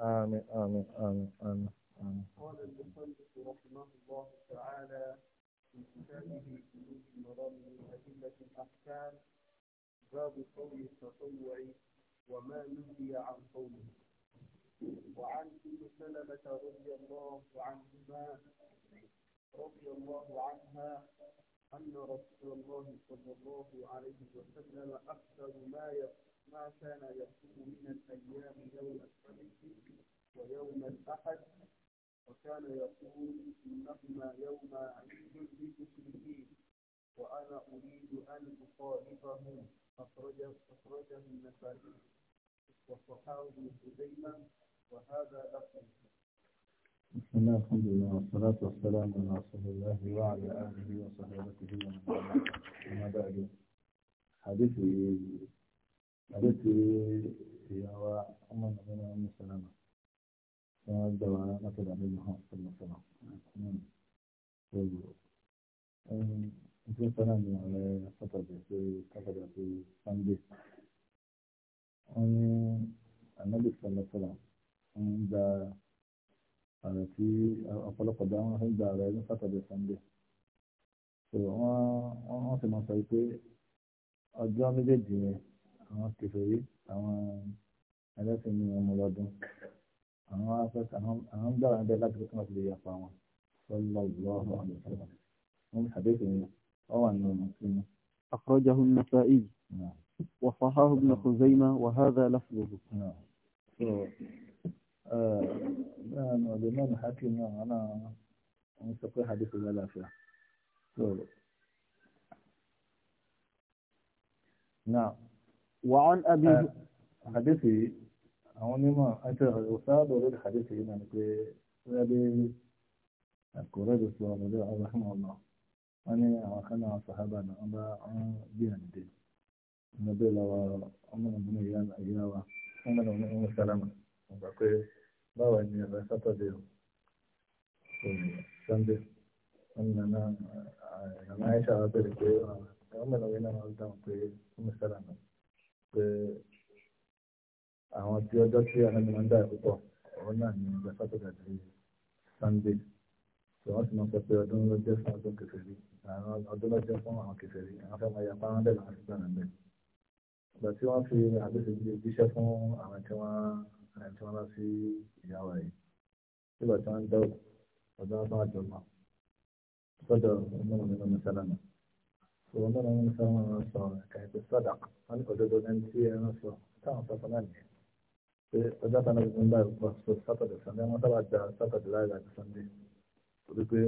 آمين آمين آمين آمين آمين قال المصنف رحمه الله تعالى في كتابه سلوك المرام من أدلة الأحكام باب قول التطوع وما نهي عن قوله وعن ام سلمة رضي الله عنهما رضي الله عنها أن رسول الله صلى الله عليه وسلم أكثر ما يقول ما كان يكون من الأيام يوم الخميس ويوم الأحد وكان يقول إنهما يوم عيد للمشركين وأنا أريد أن أخالفهم أخرجه أخرجه النسائي وصححه ابن خزيمة وهذا لكم بسم الله الحمد لله والصلاة والسلام على رسول الله وعلى آله وصحبه ومن والاه أما بعد حديث àbí ti ìyàwó ọmọ nàbẹ náà ní sọlọmọ tí wọn gbà wá láti dàbí mọ sọlọmọsọlọ lórí ìdí sọlọ ní ọ̀rẹ́ sọtọdẹ sí sọtọdẹ sí sànńdé wọn ní ànábì sọlọsọlọ ń gba ààrẹ tí ọ̀pọ̀lọpọ̀ dá wọn ń gba ààrẹ ní sọtọdẹ sànńdé wọn wọn sì máa sọ pé ọjọ́ méjèèjì yẹn. àwọn kẹfẹ́rí àwọn ẹlẹ́sìn ní ọmọ ọlọ́dún àwọn afẹ́sẹ̀ àwọn gbàrà ń bẹ láti fi kọ́mọ̀tì lè yàpá wọn sallallahu alaihi wasallam wọn ṣàdéhùn ní ọwà ní ọmọ sínú. أخرجه النسائي وصححه ابن خزيمة وهذا لفظه. نعم. الإمام الحاكم أنا مستقي حديث لا لا فيه. نعم. وعن ابي آه. حديثي هون نعم، ما انت الاستاذ اريد حديثي هنا يعني في ابي الكوريد الله رحمه الله انا اخنا صحابنا ابا بيان دي نبي لو امنا بن يان ايوا امنا بن ام سلامه وبقي ما وين رسالته دي سند انا انا عايش على بالي كده امنا بن ام سلامه pé àwọn tí ọjọ́ tí anábì máa ń dá ìpúpọ̀ ọ̀rọ̀ náà ní ọjọ́ sátọ̀dẹ̀ àti sànńdé tí wọ́n sì máa ń sọ pé ọdún ló jẹ́ fún ọdún kèfèrí ọdún ló jẹ́ fún àwọn kèfèrí àwọn fẹ́ máa yapa wọn dẹ̀lá àti gbàgbà bẹ́ẹ̀. ìgbà tí wọ́n fi àdúgbò jíṣẹ́ fún àwọn tí wọ́n tí wọ́n lọ sí ìyàwó rẹ̀ nígbà tí wọ́n ń dẹ́wọ̀ ọdún wọn bá jọ mọ́ sọ́dọ̀ ọmọ mi lọ́mọ sálámà òun náà ń sọ wọn sọ kàìpé sọdà wọn ní òdodo ní tí ẹ ń sọ táwọn sọ fún ẹnìyẹn pé ọjọ́ kan náà gbogbo ń báyìí pọ̀ so sátọ̀dẹ̀ sànńdé wọn sábà da sátọ̀dẹ̀ láì láti sànńdé torí pé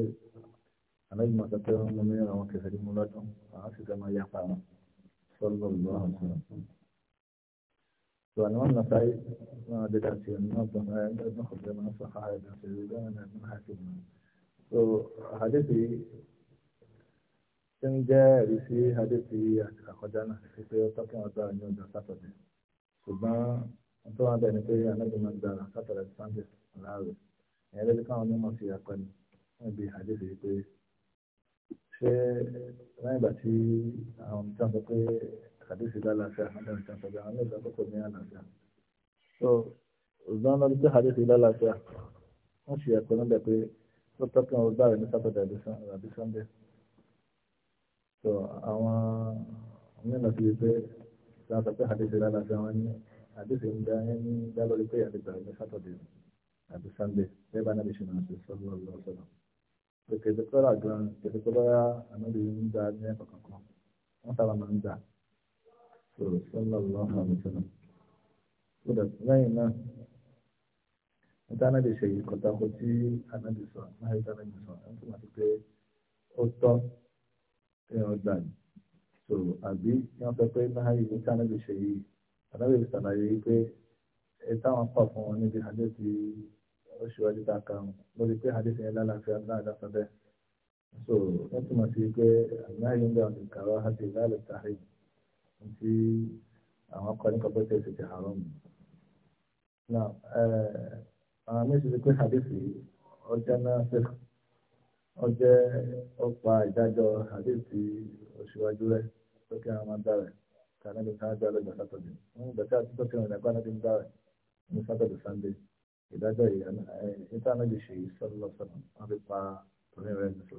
àlejò máa tẹ́tẹ́ wọn mú ní àwọn kẹfẹ́ ní mú lọ́dún àwọn sì fẹ́ máa yapa wọn sọ́lọ́ lọ́wọ́ àwọn sọ̀rọ̀. سواء أن نفعي ما بدأت النظم ابن خبز من الصحابة بن سيدنا ابن حكيم وحديثي tí ń jẹ́ ẹ̀rí sí adé ti àkọjá náà sí pé ó tọ́kí wọn gbára ní ọjọ́ sátọ̀dẹ̀ ṣùgbọ́n wọn tó wà bẹ́ẹ̀ ni pé anábì máa ń gbára sátọ̀dẹ̀ sunday láàrẹ̀ ìyẹn lójú káwọn onímọ̀ sí apẹni wọn bí adé ti pé ṣé lẹ́yìn ìgbà tí àwọn tí wọ́n sọ pé adé ti lálàáfíà àwọn tí wọ́n sọ pé àwọn ilé kò ní àlàáfíà so ṣùgbọ́n lọ́dún pé adé ti lálàáfíà wọ́n ṣe ẹ̀kọ́ níbẹ̀ pé ó tọ́kí wọn gbára ní sátọ̀dẹ̀ àbí sunday so àwọn mẹ́rin ti rí pé láti pé àdéṣe lálàáfíà wọn ní àdéṣe ń dá ẹ ní dá lórí pé àdéṣe ní sátọ̀dé àti sànńdé bẹ́ẹ̀ bá náà lè ṣe máa ṣe sọ́dọ̀ lọ́wọ́ sọ́dọ̀ pé kèsì kọ́lá gan kèsì kọ́lá ànábi ń dá ní ẹ̀kọ́ kankan wọ́n sábà máa ń dà so sọ́dọ̀ lọ́wọ́ sọ́dọ̀ sọ́dọ̀ lẹ́yìn náà níta náà lè ṣe ìkọ̀tàkọ̀ tí ànábi sọ èèyàn gbà so àbí kí wọ́n sọ pé náírà ní kánábì ṣe yìí kánábì ṣàlàyé pé ẹ táwọn pọ̀ fún wọn níbi àdéhùn oṣù ọdún tá a kà wọn lórí pé àdéhùn yẹn lálàáfíà náà dáfẹ́ bẹ́ẹ̀ so wọ́n túmọ̀ sí pé náírà ń bẹ ọ̀dùn kàwá àti ìlàlẹ̀ tààrí tí àwọn akọni kọ́kọ́ tẹ̀ sí ti àárọ̀ mu. now àwọn méjì ti pé àdéhùn ọjà náà fẹ́ràn. ọjẹ́ ọpa ìdájọ́ àdéhùtì oṣùwájú rẹ̀ tókè àwọn máa ń dára kànáàbí sátọ̀dẹ̀ wọ́n gbẹ̀tẹ́ àti tókè àwọn ìdàgbà ń dára ní sátọ̀dẹ̀ sànńdé ìdájọ́ ìtànàbí ṣe sọ́lọ́sọ̀rọ̀ wọ́n fi pa tòun rẹ̀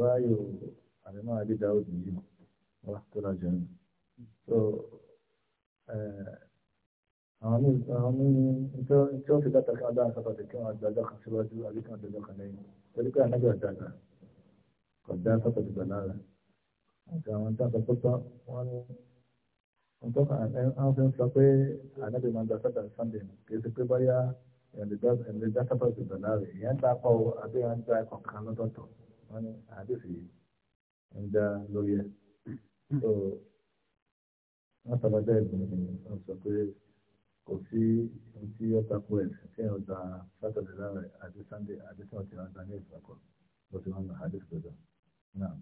ráyò àmìmọ́ yìí tó àwọn ní àwọn ní tí ó fi dáta kí wọ́n dá nǹkan pàtàkì kí wọ́n àgbàjọ kan síwájú àbí kí wọ́n àgbàjọ kan lẹ́yìn torí pé ànágbà àgbàgbà kò dá nǹkan pàtàkì gbà lára àti àwọn tá a sọ pé tán wọ́n ní wọ́n tó kàn án fi ń sọ pé ànágbà máa ń gba sátà sunday kì í ṣe pé báyà ẹ̀ǹdẹ̀ dá pàtàkì gbà lára ìyẹn ta pọ̀ àbí ìyẹn ta ẹ̀kọ́ kan lọ́tọ̀ọ̀tọ̀ wọ́n ní àdéhùn ń dá kò sí ohun tí ó takò ẹ̀sìn kí ẹ̀yàn gba sátọ̀dẹ̀ láàrẹ̀ àti sànńdẹ̀ àti sọ̀tì wọn gba ní ìfọ̀kọ̀ bó ti o tako satode laare ati sannde ni bo ti won náà.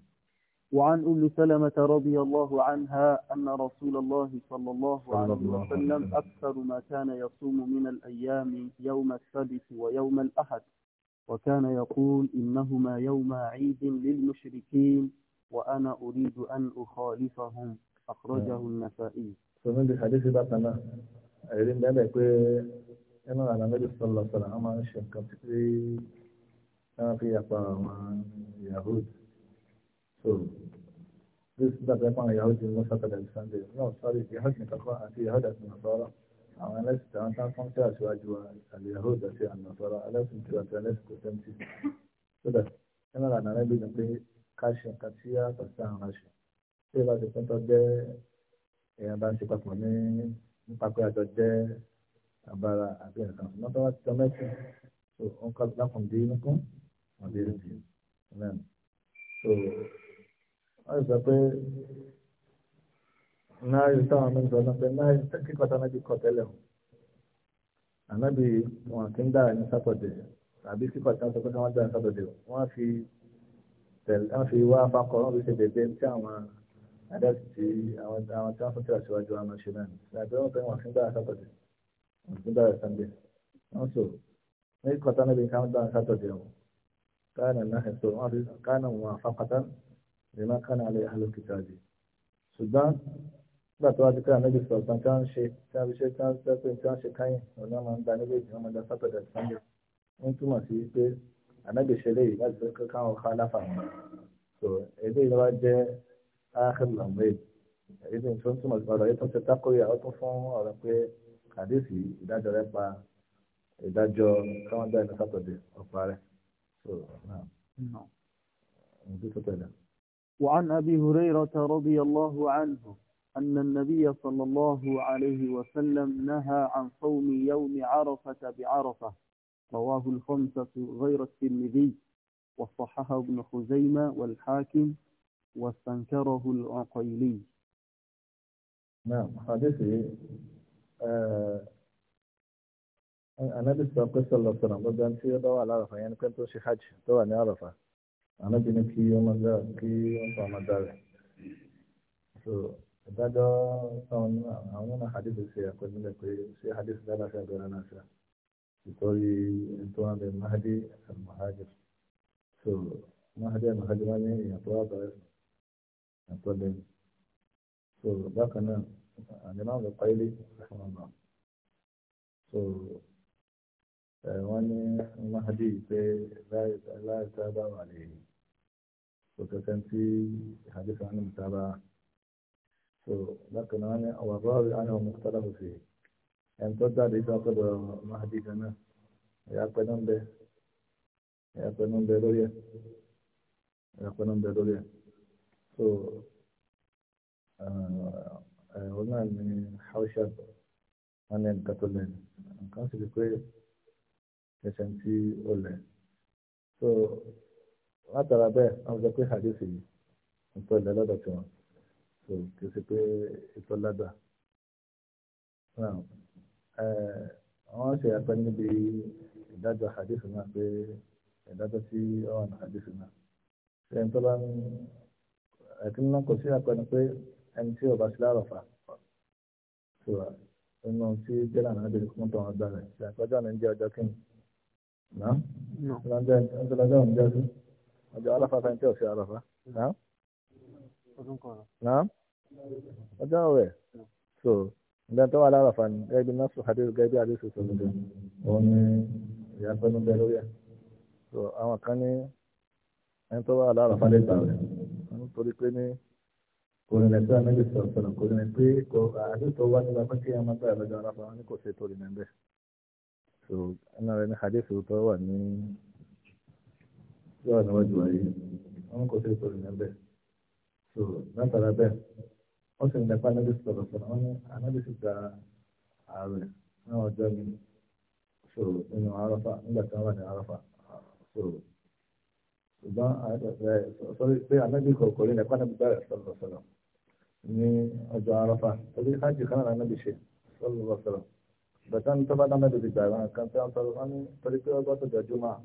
وعن أم سلمة رضي الله عنها أن رسول الله صلى الله عليه وسلم أكثر ما كان يصوم من الأيام يوم السبت ويوم الأحد وكان يقول إنهما يوم عيد للمشركين وأنا أريد أن أخالفهم أخرجه النسائي. الحديث ẹ̀rí ń bẹ́ẹ̀ pé ẹnu àná méjì sọlọ sọlọ àwọn máa ń ṣe nǹkan tí wọ́n fi yàpá àwọn Yahud so this ẹ̀pọ̀ àwọn ní sátọ̀dẹ̀ àti àti àwọn tí wọ́n tán fún Yahud àti tí wọ́n ti kò so that ẹnu àná méjì pé ká ṣe nǹkan tí nípa pé àjọ jẹ́ abara àbí ẹ̀ka ṣùgbọ́n tó bá ti tọ́ mẹ́sìn so wọ́n kọ́ lákùn dé nìkan wọ́n dé nìkan amen so wọ́n sọ pé náà yóò táwọn ọmọ ìgbà náà pé náà kíkọ́ táwọn ẹbí kọ́ tẹ́lẹ̀ o ànábì wọn kì í dára ní sátọ̀dẹ̀ tàbí kíkọ́ táwọn sọ pé káwọn dára ní sátọ̀dẹ̀ wọ́n fi wá afakọ̀ wọ́n fi ṣe bèbè tí àwọn àdáàtì tí àwọn àwọn tí wọ́n fún tíra síwájú wa máa ṣe náà nígbà tí wọ́n fẹ́ wọn fún dára sátọ̀dẹ̀ wọn fún dára sànńdẹ̀ wọ́n sọ ní kọ́tà níbi ká dára sátọ̀dẹ̀ wọn káàna náà ẹ̀ sọ wọn fi káàna wọn àfàkàtà lè má káàna alẹ́ àlòkìtà jù ṣùgbọ́n nígbà tó wá ti kára níbi sọ̀tàn tí wọ́n ṣe tí wọ́n ṣe tí wọ́n ṣe pé tí wọ́n ṣe káyìn ọ̀nà máa ń da so èdè ìlú آخر الأمرين إذا فهمتم ọ̀rọ̀ yìí tó ṣe tako ìyàwó fún ọ̀rọ̀ pé àdéhùn ìdájọ́ rẹ̀ pa ìdájọ́ káwọn dá ẹni sátọ̀dẹ̀ ọ̀pá rẹ̀ so نعم. نعم. نعم، وعن أبي هريرة رضي الله عنه أن النبي صلى الله عليه وسلم نهى عن صوم يوم عرفة بعرفة رواه الخمسة غير الترمذي وصححه ابن خزيمة والحاكم واستنكره العقيلي نعم حديثي آه أنا بس بقول صلى الله عليه وسلم أنا في دواء على عرفة يعني كنت وشي حج دواء على عرفة أنا بيني كي يوم هذا كي يوم فما دار so هذا جا سامن أنا أنا حديث بس يا كل من كل شيء حديث ده ناس يقول أنا شا يقولي أنتوا عند المهدي المهاجر so المهدي المهاجر يعني يطلع àtọ́lẹ̀ so bákan náà àdìmọ́ àwọn ọ̀pá ilé fún ọ̀nà so wọ́n ní mahadi pé láìsábà wà lè so kankan tí hadith wọn ní mutaba so bákan náà wọ́n ní àwọn àbáwọ̀ àwọn ọmọ mọ́tàlá kò sí ẹni tó jáde ìgbà pẹ̀lú mahadi kan náà ẹ̀yà pẹ̀lú ń bẹ ẹ̀yà pẹ̀lú lórí ẹ̀ ẹ̀yà pẹ̀lú ń lórí ẹ̀. so òun náà ní haúsá wọn ní nǹkan tó lẹ nǹkan sì rí pé so látara bẹ́ẹ̀ wọn sọ pé hadith yìí so kì í ṣe pé ètò ládà wọ́n ṣe àpẹ níbi ìdájọ́ hadith náà pé ẹ̀kí mímọ́ kò sí àpẹẹrẹ pé ẹni tí ọba sí lárọ̀fà tó wà nínú tí jẹ́lá náà bèrè fún tọ́wọ́n gbà rẹ̀ ṣe àpẹjọ́ ní jẹ́ ọjọ́ kí náà ọjọ́ òun jẹ́ sí ọjọ́ aláfa fẹ́ tí ọ̀sẹ̀ àrọ̀fà náà ọjọ́ rẹ̀ so ǹjẹ́ tó wà lárọ̀fà ní gẹ́gẹ́ náà sùn àdéhùn gẹ́gẹ́ bí àdéhùn sọ̀rọ̀ dẹ̀ òun ni ìyá fẹ́ ló bẹ lórí ẹ̀ àwọn kan ní ẹni tó wà lárọ̀fà lè gbà rẹ̀ torí pé ní kòrìnlẹ̀ tó ànábì sọ̀rọ̀ sọ̀rọ̀ kòrìnlẹ̀ pé kò àdúgbò wá nígbà pé kí ẹmọ gbà lọ́jọ́ ara fún kò ṣe torí nàbẹ̀ so ẹnà rẹ ní hadith tó wà ní tó wà níwájú wáyé wọn kò ṣe torí nàbẹ̀ so látara bẹ́ẹ̀ wọ́n sì ń dapá ànábì sọ̀rọ̀ sọ̀rọ̀ wọn ní ànábì sì gba ààrẹ náà ọjọ́ mi so nínú Àrafà nígbà tí wọ́n wà ní Àrafà so ṣùgbọ́n sọ́rí pé anábì kọ̀ọ̀kọ̀ rí nípa níbi bẹ́ẹ̀ sọ̀rọ̀ sọ̀rọ̀ ní ọjọ́ arọ́fà torí hajj kan náà anábì ṣe sọ̀rọ̀ sọ̀rọ̀ bàtà ní tọ́ba náà lòdì gbà kan tí wọ́n sọ̀rọ̀ wọn ní torí pé ọgbọ́n tó jọjú máa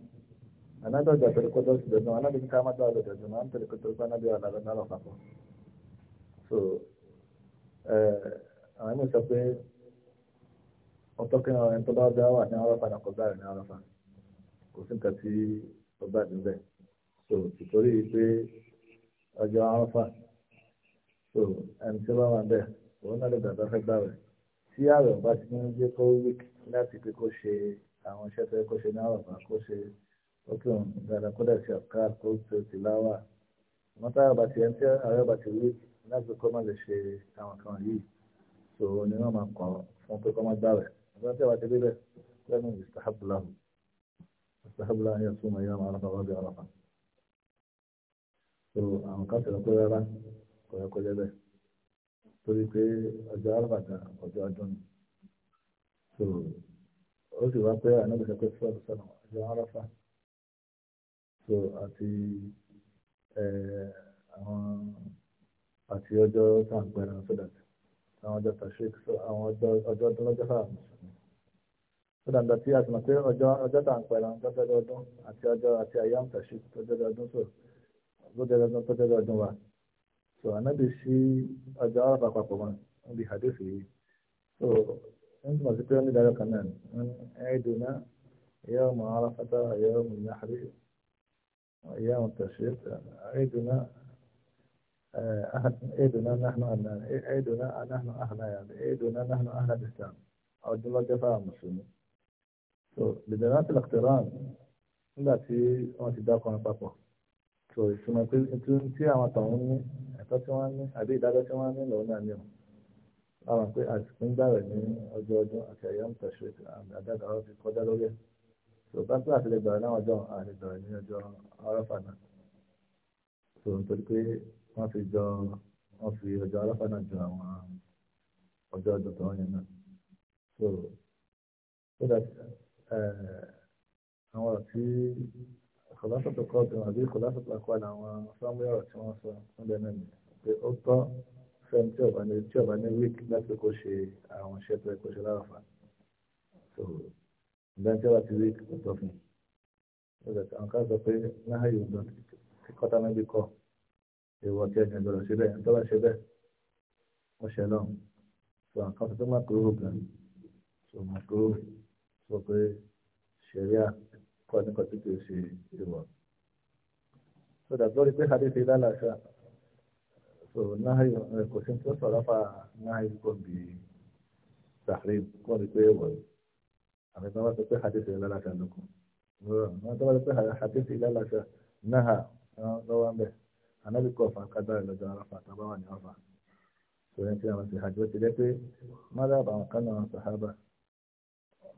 anábì ọjà torí kó dọ́sì jọjú wọn anábì ká má dọ́ ọjà jọjú máa ń torí kó torí anábì ọ̀nà lọ́nà lọ́fà pọ̀ so àwọn ènìyàn sọ pé ọtọ́ kí wọn tó bá dá wà ní arọ́fà náà kò bá rẹ̀ ní arọ́fà kò sí nǹkan tí ọba àdúgbò so ìtorí pé ọjọ́ arọ́fà so ẹni tí ó bá wà ń bẹ̀ òun náà lè dàgbà fẹ́ gbà rẹ̀ tí ààrẹ ọba ti ń gbé kó wík láti pé kó ṣe àwọn iṣẹ́ tó yẹ kó ṣe ní àrọ̀bà kó ṣe ókè òun dáadáa kó dẹ̀ ṣe ọ̀ká kó tó ti láwà wọn tá àrọ̀bà ti ẹni tí ààrẹ ọba ti wík láti kó má lè ṣe àwọn kan yìí so ni wọn máa kọ fún pé kó má gbà rẹ̀ ọjọ́ tí àwa ti débẹ̀ lẹ́nu so àwọn kan sọ̀rọ̀ pé rárá kò yẹ kó torí pé ọjọ́ ọjọ́ ọdún ni so ó sì wá pé ànágbèsè pé fúlọ́ọ̀dù sọ̀nà ọjọ́ àràfà so àti àwọn àti ọjọ́ sódà àwọn ọjọ́ àwọn ọjọ́ ọdún lọ́jọ́ mùsùlùmí sódà tí a ti mọ̀ pé ọjọ́ ọjọ́ sàǹpẹ̀rẹ̀ ọjọ́ ọdún àti ọjọ́ àti ọdún sọ̀rọ̀. lọ́jọ́ ọdún wa so ànábì sí ọjọ́ àràfà papọ̀ mọ́ níbi hadith yìí so ẹni tó mọ̀ sí انا wọ́n ní ìdájọ́ kan náà ẹ̀ẹ́dùnà يوم عرفة يوم النحر يوم التشريق عيدنا عيدنا نحن أهلنا عيدنا نحن أهلنا يعني عيدنا نحن أهل الإسلام أو الله جفاء المسلمين بدلالة الاقتران التي أنت داقنا بابا tó ìtumọ̀ pé tí àwọn àtàwọn ní ẹ̀tọ́ tí wọ́n ní àbí ìdájọ́ tí wọ́n ní lọ́wọ́ náà ní ọ̀ láwọn pé àsìkò ń gbà rẹ̀ ní ọjọ́ ọdún àti àyà ń tẹ̀sọ̀ àmì àdága wọn fi kọjá lórí ẹ̀ tó bá pẹ́ àti lè gbà láwọn ọjọ́ àti gbà ní ọjọ́ arọ́fà náà tó nítorí pé wọ́n fi jọ wọ́n fi ọjọ́ arọ́fà náà jọ àwọn ọjọ́ ọdún tó wọ́n yẹn náà tó so that eh, àwọn ọ̀rọ̀ tí kọlásọ tó kọ ọdún àbí kọlásọ tó kọ àwọn sọmúlẹ ọ̀rọ̀ tí wọ́n sọ níbẹ̀ náà ni pé ó tọ́ fẹm tí ọba ní tí ọba ní wíìkì láti kó ṣe àwọn iṣẹ́ tó yẹ kó ṣe lárafa so ìdáni tí ọba ti wíìkì ó tọ́ fún un àwọn kan sọ pé náà yóò dán tí kọta náà bí kọ èèwọ̀ kọ́ ní kọ́tí kìí ṣe ìwọ̀. so that lórí pé hadith ilá làṣà so náà kò sí tó sọ̀rọ̀ fà náà kò bí sàrí kò ní pé ìwọ̀ àmì tó wá sọ pé hadith ilá làṣà lókun wọ́n tó wá sọ pé hadith ilá làṣà náà lọ́wọ́ ń bẹ̀ anábì kọ̀ fà kádàrí lọ́jọ́ aráfà tábà wà ní ọ̀fà. so yẹn ti àwọn ti hajj wọ́n ti jẹ́ pé mọ́dà àbàwọn kan sàhábà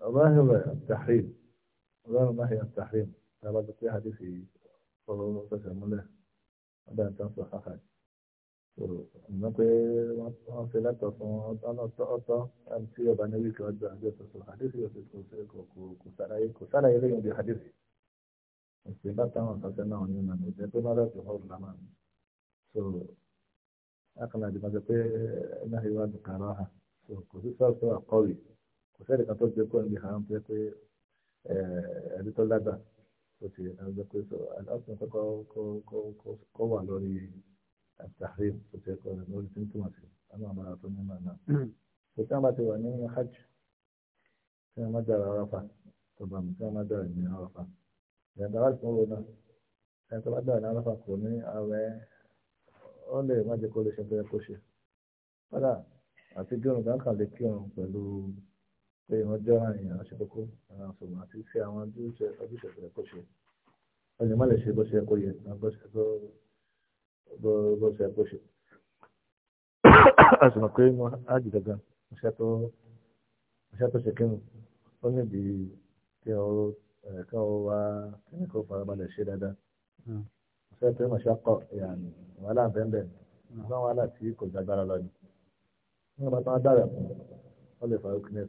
ما هو التحريم غير ما هي التحريم هذا في حديث صلى الله عليه وسلم هذا أن تنصح أحد nípe wọ́n ṣe lẹ́tọ̀ fún ọ̀nà ọ̀tọ̀ tí ọba níbi kí ọjọ́ àjọ tuntun hadisi yóò ti kò ṣe kò sàlàyé kò sàlàyé lẹ́yìn bí hadisi. ìṣe látàwọn ọ̀sẹ̀ náà ní ìlànà ìjẹ́ tó náà lẹ́tọ̀ ọ̀rọ̀ lámà ní. so akànnà àdìmọ́ ṣe pé náà yóò wá dùkàrọ̀ ha so kò sí sọ́ọ̀tọ̀ àkọ́wé kò sẹ́ni kan tó gbé kúrò níbi haram tó yẹ pé ẹni tó lágbà tó ti ẹni tó pé sọ ọ̀sìn kọ́kọ́ kọ́ wà lórí àtàrí tó ti ẹ̀kọ́ rẹ̀ lórí tí ń túmọ̀ sí ẹnu àmàlà tó ní màá náà. kò sí àbá ti wà ní hajj tí wọ́n má dára Arafa tó bá mi tí wọ́n má dára ní Arafa. ìyàtọ̀ láti mú wo náà ẹni tó bá dára ní Arafa kò ní ààrẹ ó lè má jẹ́ kó lè ṣe bẹ́ẹ̀ kó ṣe. padà àti bí òun bá ń kàn lè kí òun pẹ̀lú pé wọ́n jọ àyàn ṣe kókó àwọn àfòmọ́ àti ṣe àwọn ojúṣe ojúṣe tó yẹ kó ṣe ọ̀nà má lè ṣe bó ṣe yẹ kó yẹ bó ṣe bó ṣe yẹ kó ṣe. a sì mọ̀ pé wọ́n á jù gangan iṣẹ́ tó iṣẹ́ tó ṣe kí wọn ó ní ìdí kí ọ kí ọ wá kí ni kò farabalẹ̀ ṣe dáadáa. iṣẹ́ hmm. tó yẹ kó yàní wàhálà bẹ́ẹ̀ bẹ́ẹ̀ ní wàhálà tí kò gbàgbára lọ ni. wọ́n bá tán á dára fún ọ lè fa okùnrin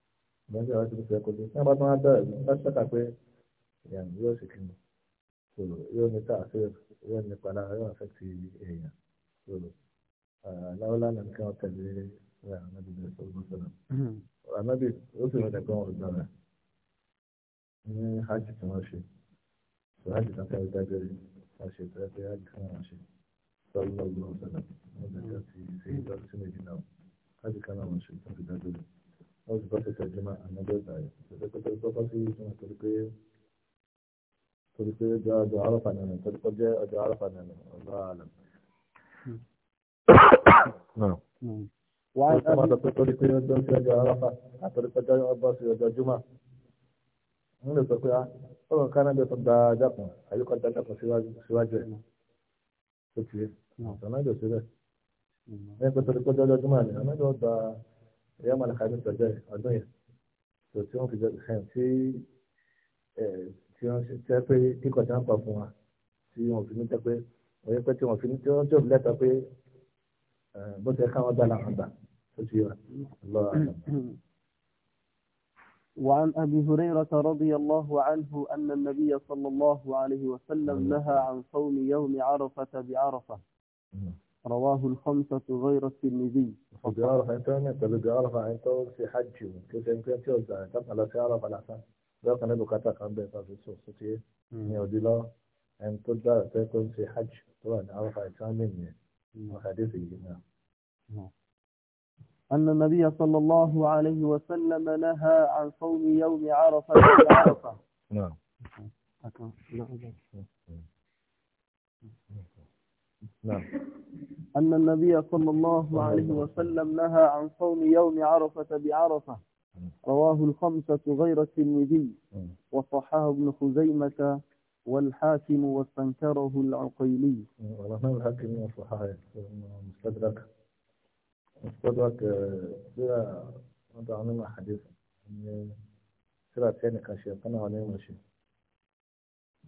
ìyẹn sì ọtí fẹ́ kó dé tí wọ́n bá tún wá bẹ̀rẹ̀ ní bá ṣẹ́ka pé èèyàn yóò sì kí ni so yóò ní tààfẹ́ yóò ní padà yóò àfẹ́ ti èèyàn so aláwọ̀lá ah, náà kí wọ́n tẹ̀lé rẹ̀ eh, ànábì bẹ̀rẹ̀ sọ́gbọ́n sọ́nà hmm. ànábì ó sì rẹ̀ pé wọ́n gbà rẹ̀ ní hajj tí wọ́n ṣe so hajj tí wọ́n fẹ́ dájọ́ rẹ̀ wọ́n ṣe tẹ́lẹ̀ pé hajj tí wọ́n ṣe sọ́gbọ́n sọ́nà wọ́n bẹ̀rẹ̀ sí ìdọ́tí méjì náà hajj kan náà wọ́n ṣe tó fi dájọ́ rẹ̀ ó sì bọ́ tètè jùmọ̀ ànájọ́ ìgbà yìí tòlípẹ́ tòlípẹ́ sí ìjùmọ̀ tòlípẹ́ tòlípẹ́ jẹ́ ọjọ́ àrọ́fà nínú tòlípẹ́ jẹ́ ọjọ́ àrọ́fà nínú ọ̀gá àlọ́. wọ́n á sọ pé tòlípẹ́ ọjọ́ sí ọjọ́ àrọ́fà àtòlípẹ́ jẹ́ ọjọ́ sí ọjọ́ jùmọ̀ ń lè sọ pé ọ̀rọ̀ kan náà bẹ tó da jákun àyíkọ́ da jákun síwájú ẹ̀ tó ti ẹ̀ ọ̀sán náà jọ síbẹ̀ ẹ̀ pẹ́ tòlípẹ́ jẹ́ ọjọ́ jùmọ̀ àná اليوم انا خايف ارجع ارجع سوتيون في جزء خمسي سيون سيبي تيكو تان بافوا سيون في نتا آه، بي وي بي تيون في بلا تا بس اخوان دالا عندا سوتيون الله وعن ابي هريره رضي الله عنه ان النبي صلى الله عليه وسلم نهى عن صوم يوم عرفه بعرفه. رواه الخمسة غير الترمذي قد يعرف أنت أنت قد يعرف أنت في حج كيف يمكن توزع أنت على سيارة على حسن لا كان يبقى تقام بيت في السوق سوتي يودي له أن تبدأ تكون في حج طبعا عرف أنت مني وحديث الجماعة نعم. أن النبي صلى الله عليه وسلم نهى عن صوم يوم عرفة عرفة نعم نعم أن النبي صلى الله عليه وسلم نهى عن صوم يوم عرفة بعرفة رواه الخمسة غير الترمذي وصححه ابن خزيمة والحاكم واستنكره العقيلي. والله الحاكم وصححه مستدرك مستدرك سيرة وضع عنه حديث سيرة ثانية كان شيطان وعليه شيء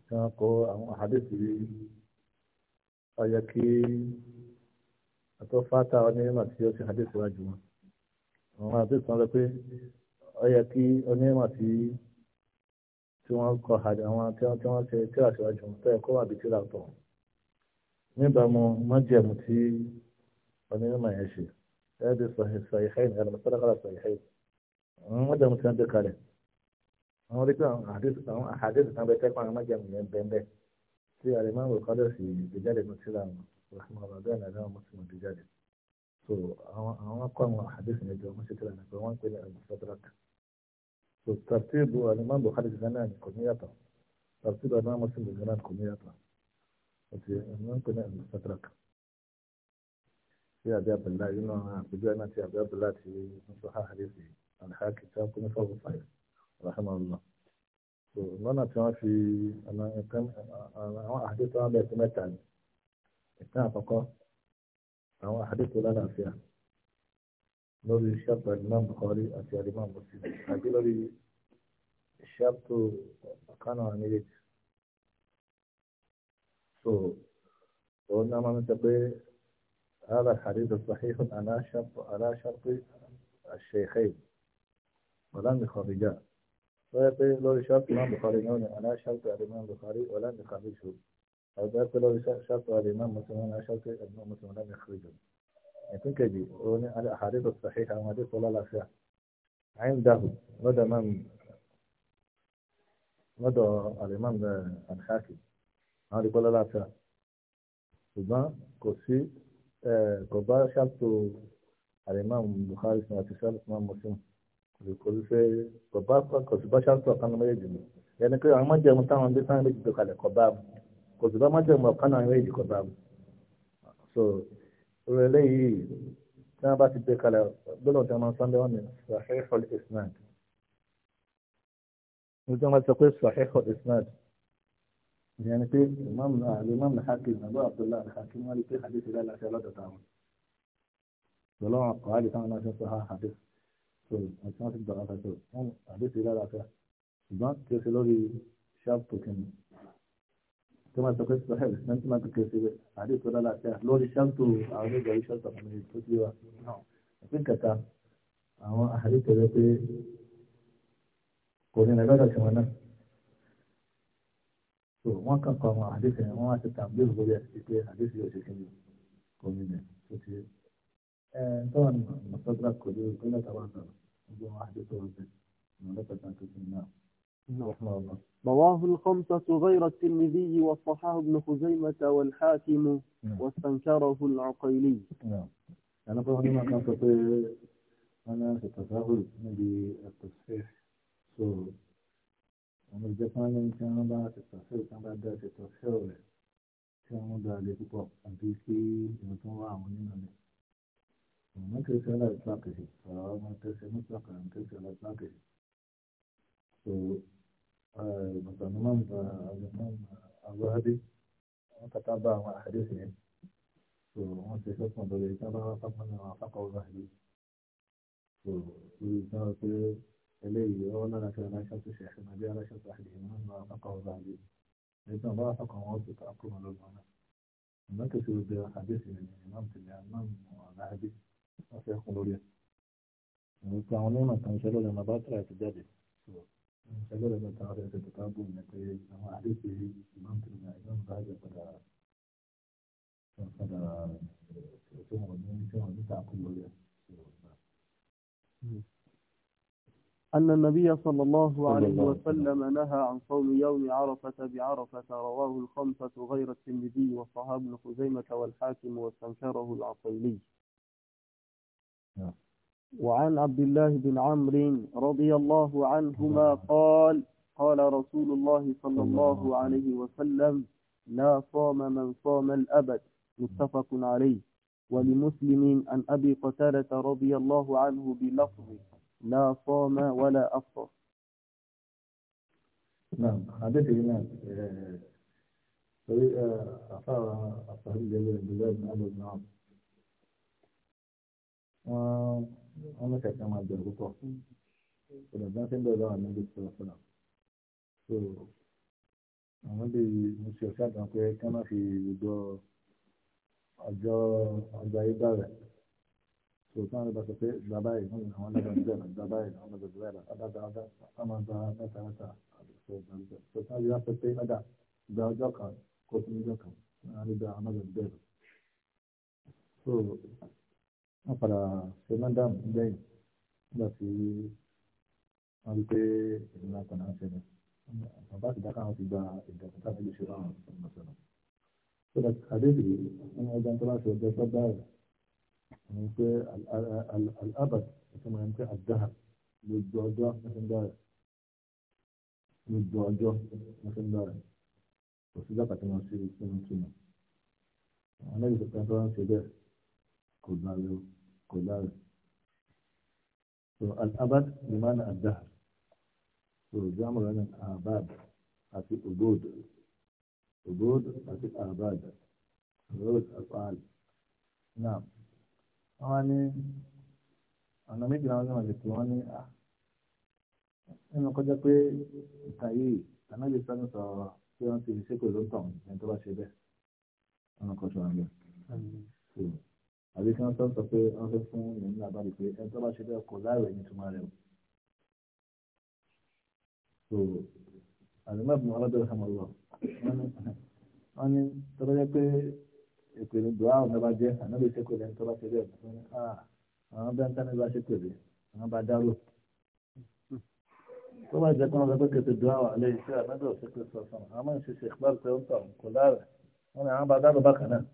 كان قو أحاديث أيكي àtọ́ fata onímọ̀ tí ó ṣe hadith síwájú wọn àwọn àti sọ pé ó yẹ kí onímọ̀ tí tí wọ́n kọ àwọn tí wọ́n tí wọ́n ṣe tíra síwájú wọn tó yẹ kó wà bí tíra tọ̀ níbàámu mọ́jẹ̀mú tí onímọ̀ yẹn ṣe ẹ̀ bí sọ̀hìnṣọ̀hìn àlùmọ̀sọ́dọ̀kọ̀lá sọ̀hìnṣọ̀hìn àwọn mọ́jẹ̀mú tí wọ́n dé kalẹ̀ àwọn rí pé àwọn àhàdé rahman abdul náà náà muslim ti jáde so àwọn àwọn kọ àwọn àhàdìsì ní ìjọ wọn ṣe tẹ́lẹ̀ nípa wọn pè ní al-mustadrak so tartibu alimam bukhari ti náà kò ní yàtọ̀ tartibu alimam muslim ti náà kò ní yàtọ̀ àti wọn pè ní al-mustadrak sí àbí abdullahi yìí náà àpèjọ náà ti àbí abdullahi ti sọ àhàdìsì alhaki tí wọn kò ní fọwọ́ fàyè rahman allah so lọ́nà tí wọ́n fi àwọn àhàdìsì wọn bẹ̀rẹ̀ sí mẹ́ta ni ìka àkọ́kọ́ àwọn àdékò lálàáfíà lórí ṣàpù alimami Bukhari àti alimami Muslim àbí lórí ṣàpù kánà méjèèjì so òun náà máa ń sọ pé هذا الحديث صحيح على شرط على شرط الشيخين ولم يخرجاه ويقول لو شرط الإمام البخاري على شرط الإمام البخاري ولم يخرجه أو ذاك لو شرط الإمام مسلم ولا شرط الإمام مسلم لم يخرجه لكن كذي الأحاديث الصحيحة والحديث ولا لا فيها عنده لدى من لدى الإمام الحاكم هذه ولا لا فيها ṣùgbọ́n kò sí eh, kò bá ṣàtò alimam Bukhari sinmi àti sàlùmọ́ Muslim kò sí fẹ́ kò bá kò sí bá ṣàtò àkànnà méjèèjì mi ẹni pé àwọn májèmú táwọn dé táwọn méjì dọ̀kalẹ̀ kò bá mu kò sì bá májèmọ̀ kánà àwọn èjì kọ̀ọ̀bá mu so rẹ̀ lẹ́yìn tí wọ́n bá ti gbé kalẹ̀ gbọ́dọ̀ tí wọ́n máa ń sáńdé wọn ní sahihul isnad ní tí wọ́n bá ti sọ pé sahihul isnad ìyẹn ni pé imam alimam hakim abu abdullahi hakim wọn lè pé hadith ilé aláṣẹ ọlọ́dọ̀ táwọn pẹ̀lú àwọn táwọn náà ṣe ń sọ ha hadith so àti wọ́n ti gbà wọn fẹ́ so hadith ilé aláṣẹ ṣùgbọ́n kí o ṣe lórí sharp token tó máa sọ pé sọ̀rọ̀ ẹ̀ tó máa kékeré sí àdé tó lálẹ́ àti lórí ṣáàtò àwọn onígbà orí ṣáàtò àwọn ènìyàn tó ti wá. àti kẹta àwọn àdé tẹ̀lé pé kò ní ẹ̀rọ ìdàgbàsí wọn náà. tó wọ́n kàn kọ́ àwọn àdé tẹ̀lé wọ́n wá ti tàbí òkúrò ẹ̀ sí pé àdé sì yóò ṣe kí ni kò ní ilẹ̀ tó ti. ẹ tọ́wọ́ ni mọ̀tọ́gbà kò ní ìpínlẹ̀ tàwọn àgbà gbogbo àwọn àdé tó ń bẹ̀ رواه الخمسة غير الترمذي والصحاح ابن خزيمة والحاكم نعم. واستنكره العقيلي نعم أنا قلت يعني ما كان تطير أنا تتساهل بالتصحيح أنا ومرجعنا كان بعد التصحيح كان بعد التصحيح كان بعد التصحيح أنتي في مطمع عنينا وما كان على إطلاقه فما كان على إطلاقه مثلا الإمام الإمام الذهبي تتبع مع أحاديثهم وأنت تسمع بالإجابة طبعا ما فقه الذهبي وإذا إلي ولا لك لا شرط الشيخ النبي على شرط أحدهما ما فقه الذهبي إذا ما فقه وصف أقوم للمعنى ما كثير بأحاديث الإمام الإمام الذهبي ما في أقوم له ويطلعون ما كانوا شلوا لما بطلع تجدد شغله تعرف تتابع امام امام فدا فدا شو هو من شو هو تعقل ولا أن النبي صلى الله عليه وسلم نهى عن صوم يوم عرفة بعرفة رواه الخمسة غير الترمذي وصحاب ابن خزيمة والحاكم واستنكره العقيلي. وعن عبد الله بن عمرو رضي الله عنهما قال قال رسول الله صلى الله عليه وسلم لا صام من صام الأبد متفق عليه ولمسلم عن أبي قتالة رضي الله عنه بلفظ لا صام ولا أفطر نعم حديث هنا آه، طريقة أثار الصحابي جلال بن عبد بن عمرو wọ́n mọ̀ kẹ̀kẹ́ máa bẹ̀rù púpọ̀ ọ̀dọ̀ bí wọ́n ti ń bẹ̀rù lọ́wọ́ níbi tí wọ́n fọlọ́ so àwọn lè mú sí ọ̀sẹ̀ àgbà pé kí wọ́n má fi gbọ́ ọjọ́ ọjọ́ ayé bàrẹ̀ so kí wọ́n lè bá sọ pé bàbá yìí wọ́n àwọn lọ́dọ̀ níbẹ̀ bàbá yìí àwọn lọ́dọ̀ níbẹ̀ àbáta àbáta mẹ́ta mẹ́ta àbẹ̀sọ̀ ìgbàlódé so kí wọ́n lè bá sọ pé ọ̀dà ìgbà ọjọ́ kan kó fún ọjọ́ kan wọ́n lè bá àwọn lọ́dọ̀ níbẹ̀ so wọ́n padà ṣe mọ́dàmù lẹ́yìn nígbà tí wọ́n rí pé ìrora kan náà ṣẹlẹ̀ bàbá àti dáká wọn ti gba ìdàkùn táwọn ilé ṣe láwọn ọmọ sọ̀rọ̀ tó dà kàdébì wọn ọjà tó bá ṣe ọjọ́ tó bá rẹ̀ àwọn pé alábàt tó máa ń pẹ́ àdáhà lójú ọjọ́ mẹ́sẹ̀ńdà rẹ̀ lójú ọjọ́ mẹ́sẹ̀ńdà rẹ̀ kò sí dákà tí wọ́n ṣe sínú túmọ̀ àwọn ẹlẹ́yìn tó ń ṣe bẹ́ẹ̀ kò gbà lẹ́wọ̀ kulawi to al'abad bi ma'ana ad-dahr to zamu ranan abad àti ubud ubud àti abad ubud afal na'am àwọn ni ọ̀nà méjì làwọn náà lè pè wọ́n ní à ah, nínú kọjá pé ìtàn yìí ànágbé sanu sọ̀rọ̀ pé wọ́n ti ṣe kò ló ń tàn ẹni tó bá ṣe bẹ́ẹ̀ ọ̀nà kan ṣọ̀rọ̀ àbí kí wọ́n sọ pé wọ́n fẹ́ fún ìyẹn nílà báyìí pé ẹni tó bá ṣe bẹ́ẹ̀ kọ láàrẹ̀ ní túmọ̀ rẹ̀ o. àdúgbò ìmọ̀ ọlọ́dọ̀ ìhàmọ̀lọ́ wọ́n ní tọ́lá jẹ́ pé ìpinnu dùá ọ̀nà bá jẹ́ ànábì ṣe pèlè ní tọ́lá ṣe bẹ́ẹ̀ fún mi àwọn bẹ́ẹ̀ ń tánibà ṣe pèlè àwọn bá dárò. tó bá jẹ́ pé wọ́n sọ pé kẹ̀tẹ̀ dùá wà lẹ́yìn iṣẹ́ ànábì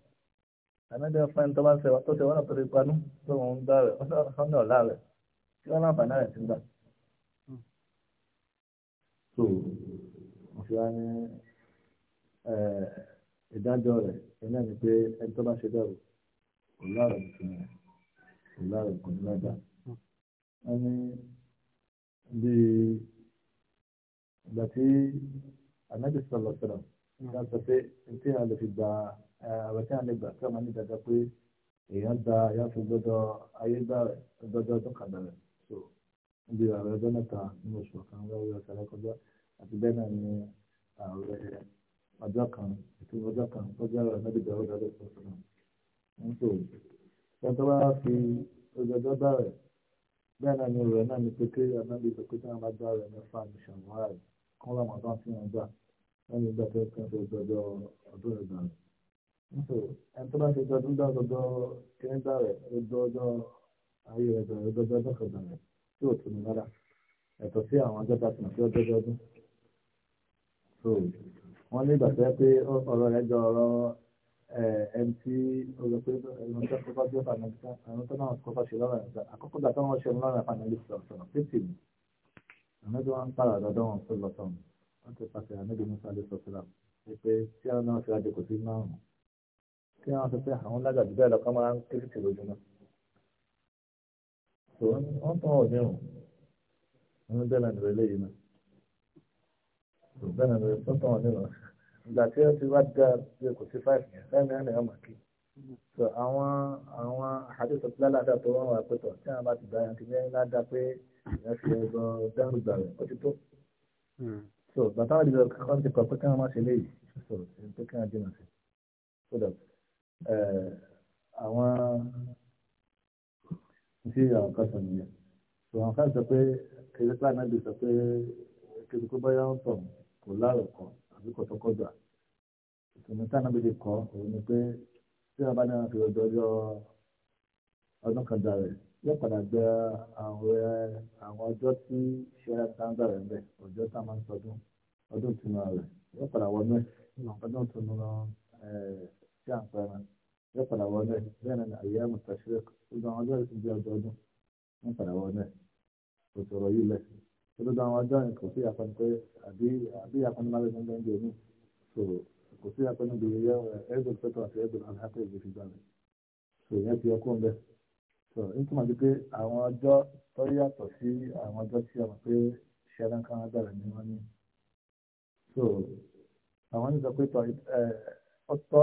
ànábì ọ̀fẹ́ ní tọ́ba ṣẹ̀wá tó ṣẹ̀wá náà torí panú tó ń dá rẹ̀ ọ̀sán náà ọ̀la rẹ̀ kí wọ́n náà bàná rẹ̀ ti gbà. so mo fi wá ní ìdájọ́ rẹ̀ iná ni pé ẹni tó bá ṣe dẹ̀rù kò láàrọ̀ nìkan kò láàrọ̀ kò ní lọ́jà. wọ́n ní bíi ìgbà tí ànábì hmm. sọ̀rọ̀ àwẹ̀ tí a lè gbà kí ọmọ ní pé èèyàn fi gbọ́dọ̀ ayé gbà gbọ́dọ̀ ọdún kan so níbi àwẹ̀ ọjọ́ mẹ́ta nínú oṣù kan lọ́wọ́ ọ̀sẹ̀ lọ́kọjọ́ àti bẹ́ẹ̀ náà ni àwẹ̀ ọjọ́ kan ètò kan tọ́jú àwẹ̀ ọdún kan fún na ń tò tọ́jú fi náà náà sọ pé gbá ní lẹ́yìn ìgbà tó nítorí ẹni tó bá ti jọ ọdún dọ́dọ̀ kẹ́ńdà rẹ̀ lọ́dọ̀ ayé rẹ̀ bẹ̀rẹ̀ lọ́dọ̀ ọdún kọ̀ọ̀dà rẹ̀ tí ò tún rárá ẹ̀tọ́ sí àwọn ọjọ́ tàbí àti ọjọ́ ọdún. wọ́n ní ìgbàgbọ́ pé ọ̀rọ̀ rẹ̀ jọ ọ̀rọ̀ ẹni tí ó rẹ pé ẹni tó kọ́kọ́ bí ọ̀fà náà ẹni tó náà kọ́kọ́ ṣe lọ́rọ̀ ẹ̀dá àkọ́kọ́ gbà tó wọ́n ṣe lọ́rọ̀ ẹ̀fà náà kí wọ́n sọ pé àwọn lágàdú bẹ́ẹ̀ lọ́kàn máa ń kéré tì lójúmọ́ tó wọ́n tán ọ̀ níhùn wọ́n bẹ́ẹ̀ náà nìrẹ́lẹ́ yìí náà tó bẹ́ẹ̀ náà nìrẹ́lẹ́ tó tán ọ̀ níhùn ìgbà tí ó ti wá dá pé kò sí five yẹn five yẹn náà máa kí so àwọn àwọn àdéhùn tó lálàdà tó wọ́n wà pẹ̀tọ̀ tí wọ́n bá ti gbà yẹn ti ní ládàá pé ìyẹn fi ẹgbọ́n dáhùn gbà hmm. so bàtà wà lè lọ kọ́ ti kọ́ so pé kí wọ́n jìnnà Eh, àwọn ṣe àwọn kan sọ nìyẹn so kan sọ pé kẹsíkà náà lè sọ pé kẹsíkà báyà ń tọ̀ kò láàrọ̀ kọ àbí kò tó kọjá ìtùnú táwọn náà lè kọ òun ni pé tí wọn bá ní wọn fi ọdún kan dà rẹ yóò padà gbé àwọn tí rẹ tá a máa ń sọdún ọdún rẹ yóò padà àpẹẹrẹ yóò padà wọlé bẹ́ẹ̀ náà na mùtàṣírí gbogbo àwọn ọjọ́ ìsìn bíi ọdọọdún wọ́n padà wọlé kò sọ̀rọ̀ yìí lẹ̀ gbogbo àwọn ọjọ́ ìsìn kò sí àpẹẹrẹ pé àbí àbí àpẹẹrẹ máa lè ní a mọ̀ pé ṣẹlẹ̀ kan agbára ni wọ́n ní so àwọn ní sọ pé tọ́ ọtọ́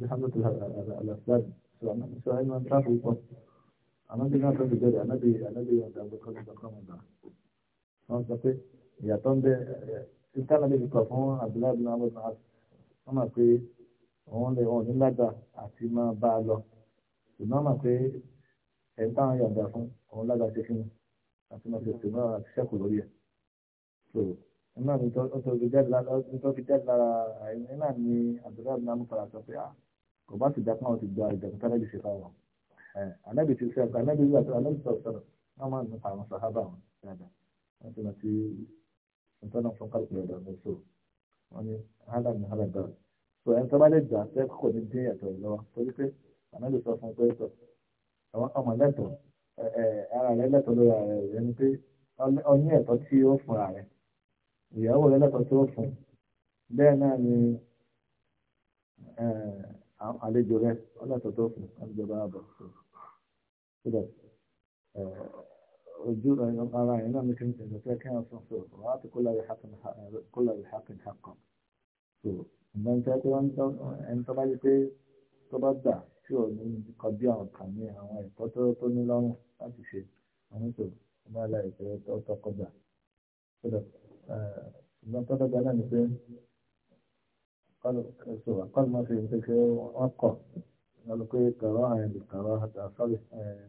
بحضرة الأسباب سواء أيضا تفوق النبي náà tó fi jẹ́rìí ànábì ànábì ọ̀dà gbogbo ọ̀dà kan ọ̀dà wọ́n sọ pé ìyàtọ̀ ń bẹ ìta náà lè kọ̀ fún abdullahi bin abu sa'ad wọ́n mọ̀ pé òun lè wọn ní lágbà àti máa bá a lọ ṣùgbọ́n mọ̀ pé ẹ̀ ń táwọn yàgbà fún òun lágbà ṣe fún àti máa ṣe ṣùgbọ́n iná mi tó fi jáde lára iná ni àdúrà mi náà fara sọ pé ah kò bá ti dá pọ́n ti gba ìjọba tó anábì ṣe fáwọn anábì ti sẹ́yìn anábì yóò àti anábì sọ̀rọ̀ sọ̀rọ̀ wọ́n máa ń nípa àwọn sàhábà wọn dáadáa wọ́n ti rántí ìtọ́nà fún kálukú ẹ̀dọ̀ ní so wọ́n ní hálà ní hálà dọ̀ so ẹni tó bá lè gbà pé kò ní dín ẹ̀tọ́ yìí lọ́wọ́ torí pé anábì sọ fún pé sọ ọmọ lẹ́tọ̀ọ́ ara rẹ lẹ́tọ̀ọ́ lórí ara rẹ ẹni pé ọ ní ẹ̀tọ́ tí ó fún ara rẹ ìyàwó rẹ lẹ́kọ̀ọ́ tó fún bẹ́ẹ̀ náà ni àlejò rẹ ọlọ́tọ̀ tó fún ọjọba àbọ̀ síbẹ̀ ojú ara yẹn náà ní kí n tẹ̀lé fẹ́ kí wọ́n fún un wọ́n á ti kólà rẹ̀ hàkìn hàkìn hàkàn so ìgbọ́n tẹ́ pé ẹni tó bá yí pé tó bá gbà tí ò ní kọjú àwọn kan ní àwọn ẹ̀kọ́ tó ní lọ́rùn láti ṣe àwọn ètò ìmọ̀ ẹ̀la tó tọkọjà síbẹ̀ ṣùgbọ́n tọ́dọ̀ gba náà ni pé kọ́lù máa fi kékeré wọ́n kọ̀ lọ́lọ́ pé kàrọ́ àyàn lè kàrọ́ àtàkọ́lù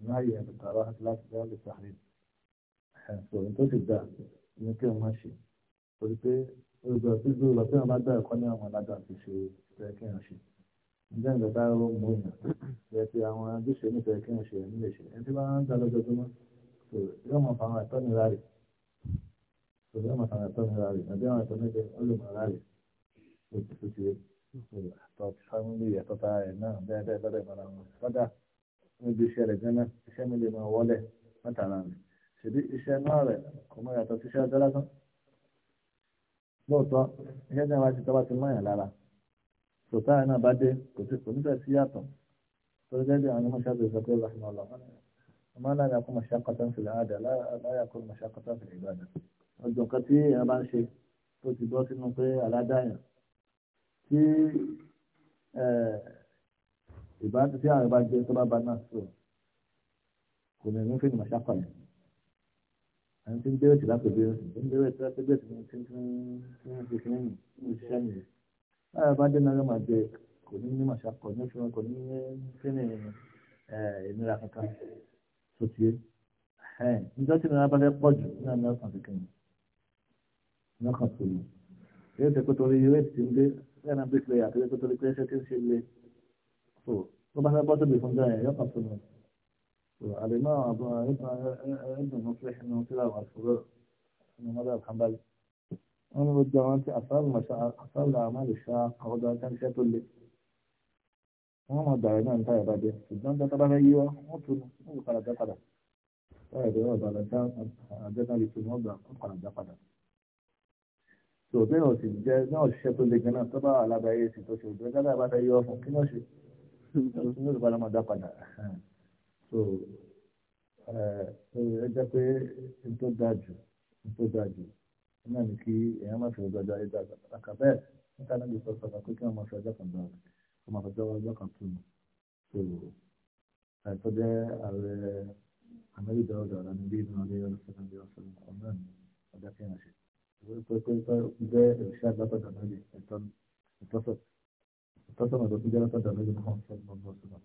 náà yẹ̀ lè kàrọ́ àti láti bẹ́ẹ̀ lè sàárè ẹ̀sọ́ ní tó ti dà ní kí wọ́n máa ṣe torí pé olùgbọ̀n tí gbogbo ìgbà tí wọ́n bá dá ẹ̀kọ́ ní àwọn aládàá ti ṣe ìfẹ́ kí wọ́n ṣe ǹjẹ́ ìgbà tá a rọ mọ́ èèyàn ìfẹ́ tí àwọn ojúṣe nífẹ̀ẹ́ kí wọ́n ṣe ẹ̀ nílé ṣe ẹni tí wọ́n á ń dá lọ́jọ́ tó mọ́ yóò mọ̀ fáwọn ẹ̀tọ́ nira rẹ̀ problema con el tono de la vida, tengo que poner que algo me da tọ́ fámìlì ẹ̀tọ́ tá ẹ̀ náà bẹ́ẹ̀ bẹ́ẹ̀ bẹ́ẹ̀ bọ́ra wọn kọ́dà níbi iṣẹ́ rẹ̀ gánà iṣẹ́ mi lè máa wọlé mẹ́tàlá rẹ̀ ṣèbí iṣẹ́ náà rẹ̀ kò mọ yàtọ̀ sí iṣẹ́ ọjọ́ lásán lóòótọ́ iṣẹ́ náà wá ti tọ́wá ti mọ́yàn lára sòtá ẹ̀ náà bá dé kò sí onífẹ̀ẹ́ sí yàtọ̀ torí gẹ́gẹ́ àwọn ọmọ ṣáàbì sọ pé lọ́sùn ọlọ́ọ̀ ọjọ́ kan tí èèyàn bá ń ṣe tó ti bọ́ sínú pé aládàáyàn tí ìbá tí àwọn ìbá jẹ tó bá ba náà sọ kò ní ní fíìmù àṣàkọ yẹn ẹni tí ń bẹ̀rẹ̀ tì láti bẹ̀rẹ̀ tì ń bẹ̀rẹ̀ tì láti bẹ̀rẹ̀ tì ní tí ń fi fi ń ṣiṣẹ́ nìyẹn láyọ̀ bá dé náà yóò máa jẹ kò ní ní àṣàkọ ní fíìmù kò ní ní fíìmù ìnira kankan tó tiẹ̀ nígbà tí ìnira bá fẹ́ pọ̀ jù ní àná ọ̀sán kékeré lọ́kàn tó mọ̀ yóò ṣe pé torí eré ti ń dé lẹ́nu bí pé àti pé torí pé ṣe ti ń ṣe lé so tó bá fẹ́ bọ́ tóbi fún jẹ́ yẹn lọ́kàn tó mọ̀ so àlèmọ́ àbọ̀ ẹ̀dùn mọ́ fẹ́ ẹnu tí ra wà fúrọ́ ẹnu mọ́dà kábàlì wọ́n ló jọ wọn tí àfáàlù àmàlù ṣá ọ̀dọ̀ akẹ́kẹ́ tó le wọ́n mọ̀ dàrẹ́ náà níta ìbàdí ṣùgbọ́n tó bá fẹ́ yí wọ́n wọ́n tún wọ́n padà dá padà báyìí lọ́wọ́ ìbàdàn tá àjẹ́ká lè tún wọ́n gbà wọ́n padà dá padà. tó bẹ́ẹ̀ ò sì jẹ́ náà ṣiṣẹ́ tó le gan-an tó bá wà lábẹ́rẹ́ sí tó ṣe òjò ẹgbẹ́ náà bá fẹ́ yọ fún kí náà ṣe kí náà bá lọ́mọdá padà tó eh, ẹ jẹ́ pé n tó dáa jù n tó dáa jù náà ni kí èèyàn má fi ọjọ́ ọjọ́ ayé dáa àkàbẹ́ níta náà lè sọ sọ̀rọ̀ pé kí wọ́n máa fi ọjọ́ kan dáa kó máa fi ọjọ́ kan tún mu eh, tó àìsọ jẹ́ ààrẹ amẹ́ríkà ọ̀dọ̀ ọ̀la níbi ìdúnadé ọlọ́sẹ̀ náà bí wọ́n sọ ọ̀nà ọ̀dọ́ kí wọ́n ṣe jẹ́ ìrìṣẹ́ àgbàtọ̀dà náà lè ìtọ́sọ̀ ìtọ́sọ̀nà tó ti jẹ́ látọ̀dà náà lè mọ́ ọ̀sọ̀nà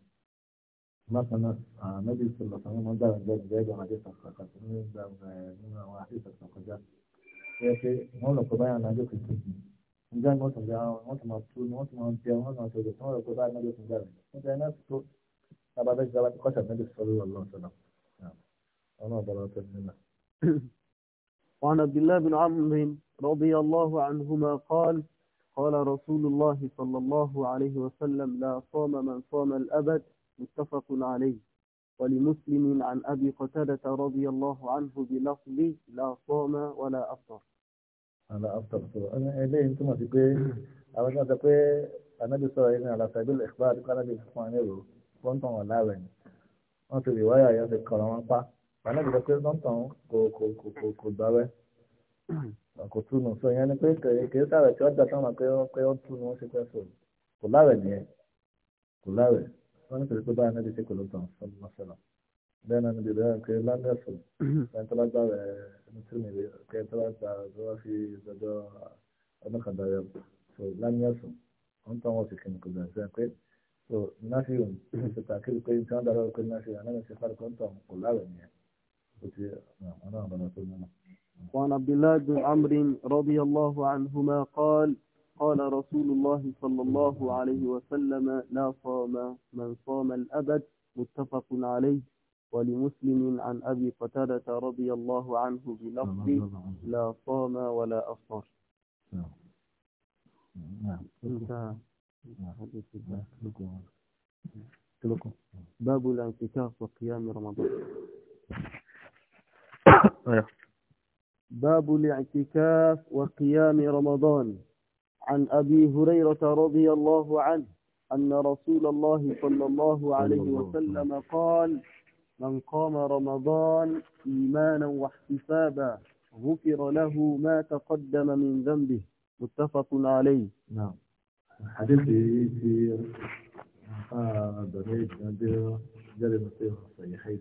bákan náà ànábì sọ̀rọ̀ àwọn ọmọ dára jẹ́ ìjẹ́ ìgbà àti ìtàkùnkà tó ní ìgbà nínú àwọn àti ìtàkùnkọjá ẹ pé wọ́n lọ pé báyà ànájọ́ kìkì nígbà ni wọ́n tún bá wọ́n tún máa tú ni wọ́n tún máa jẹ wọ́n tún máa ṣe ìgbà wọ́n lọ pé báyà ànájọ́ kìkì dára nígbà iná tó tábàbẹ́ ìjọba ti kọ́ṣà ànábì sọ̀rọ̀ ọlọ́ọ̀sọ̀rọ̀ ọlọ́ọ̀bọ̀lọ́ وعن عبد الله بن عمرو رضي الله عنهما قال قال رسول الله صلى الله عليه وسلم لا صام من صام الأبد متفق عليه ولمسلم عن أبي قتادة رضي الله عنه بلفظ لا صام ولا أفطر أنا أفطر أنا إليه أنتم أتبعي أولا أتبعي النبي صلى الله عليه وسلم على سبيل الإخبار قال النبي صلى الله عليه وسلم كنتم ولا وين أنت رواية يا ذكر وانقع bàánà bí lọ́pẹ́ lọ́ntàn kò kò kò kò kò gbàwẹ́ kò túnú sọ yẹn ni pé kèé sàrẹ̀ tí wọ́n dà sáwọn pé wọ́n pé wọ́n túnú wọ́n ṣe pẹ́ sọ kò láwẹ̀ nìyẹn kò láwẹ̀ wọ́n ní pèsè pé báyìí níbi ṣe kò lọ́tàn sọ́nù mọ́sálà bẹ́ẹ̀ náà níbi ìdáhùn pé láńdẹ̀sọ̀ kẹ́ńtọ́lá gbà rẹ̀ ní túnú rẹ̀ kẹ́ńtọ́lá gbà rẹ̀ wọ́n fi ìdọ́jọ́ ọdún kan dàrẹ́ so láńdẹ̀sọ̀ wọ́n tán wọ́n sì kí ni kò dà sí pé so náfíùn ṣe tàkìrì pé tí wọ́n dàrẹ́ pé náfíùn anáwó ṣe fárikọ́ ń tàn kò láwẹ̀ nìyẹn نعم، وعن عبد الله بن عمرو رضي الله عنهما قال قال رسول الله صلى الله عليه وسلم لا صام من صام الأبد متفق عليه ولمسلم عن أبي قتادة رضي الله عنه بلفظ نعم، نعم، لا صام ولا أفطر نعم نعم باب الانفتاح وقيام رمضان باب الاعتكاف وقيام رمضان عن أبي هريرة رضي الله عنه أن رسول الله صلى الله عليه وسلم قال من قام رمضان إيمانا واحتسابا غفر له ما تقدم من ذنبه متفق عليه نعم حديث في بريد جلب في آه، صحيح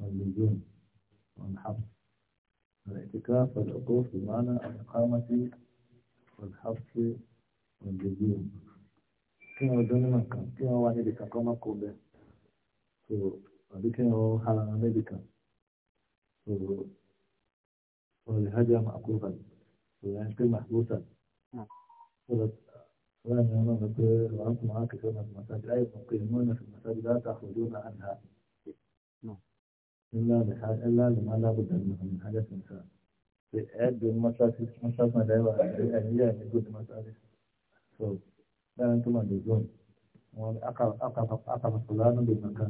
واللزوم والحفظ الاعتكاف والوقوف بمعنى الإقامة والحفظ واللزوم كما ودون مكة كما وعد بك قام قوبة وذلك هو حرام بك والهجر معقوبا والعشق محبوسا أنا يوم وأنتم عاكفون في المساجد أي مقيمون في المساجد لا تخرجون عنها. نعم. ńlá lèmọ́ alábùdá ní àjẹsìnká ṣe ẹ́ẹ̀dùn mọ́ṣáṣí mọ́ṣáṣí àdáyébà nàìjíríà ní gòdì mọ́ṣáṣí so lẹ́yìn tó mà lè zọ́ọ̀ wọn akàfàfà lánàá lè màkà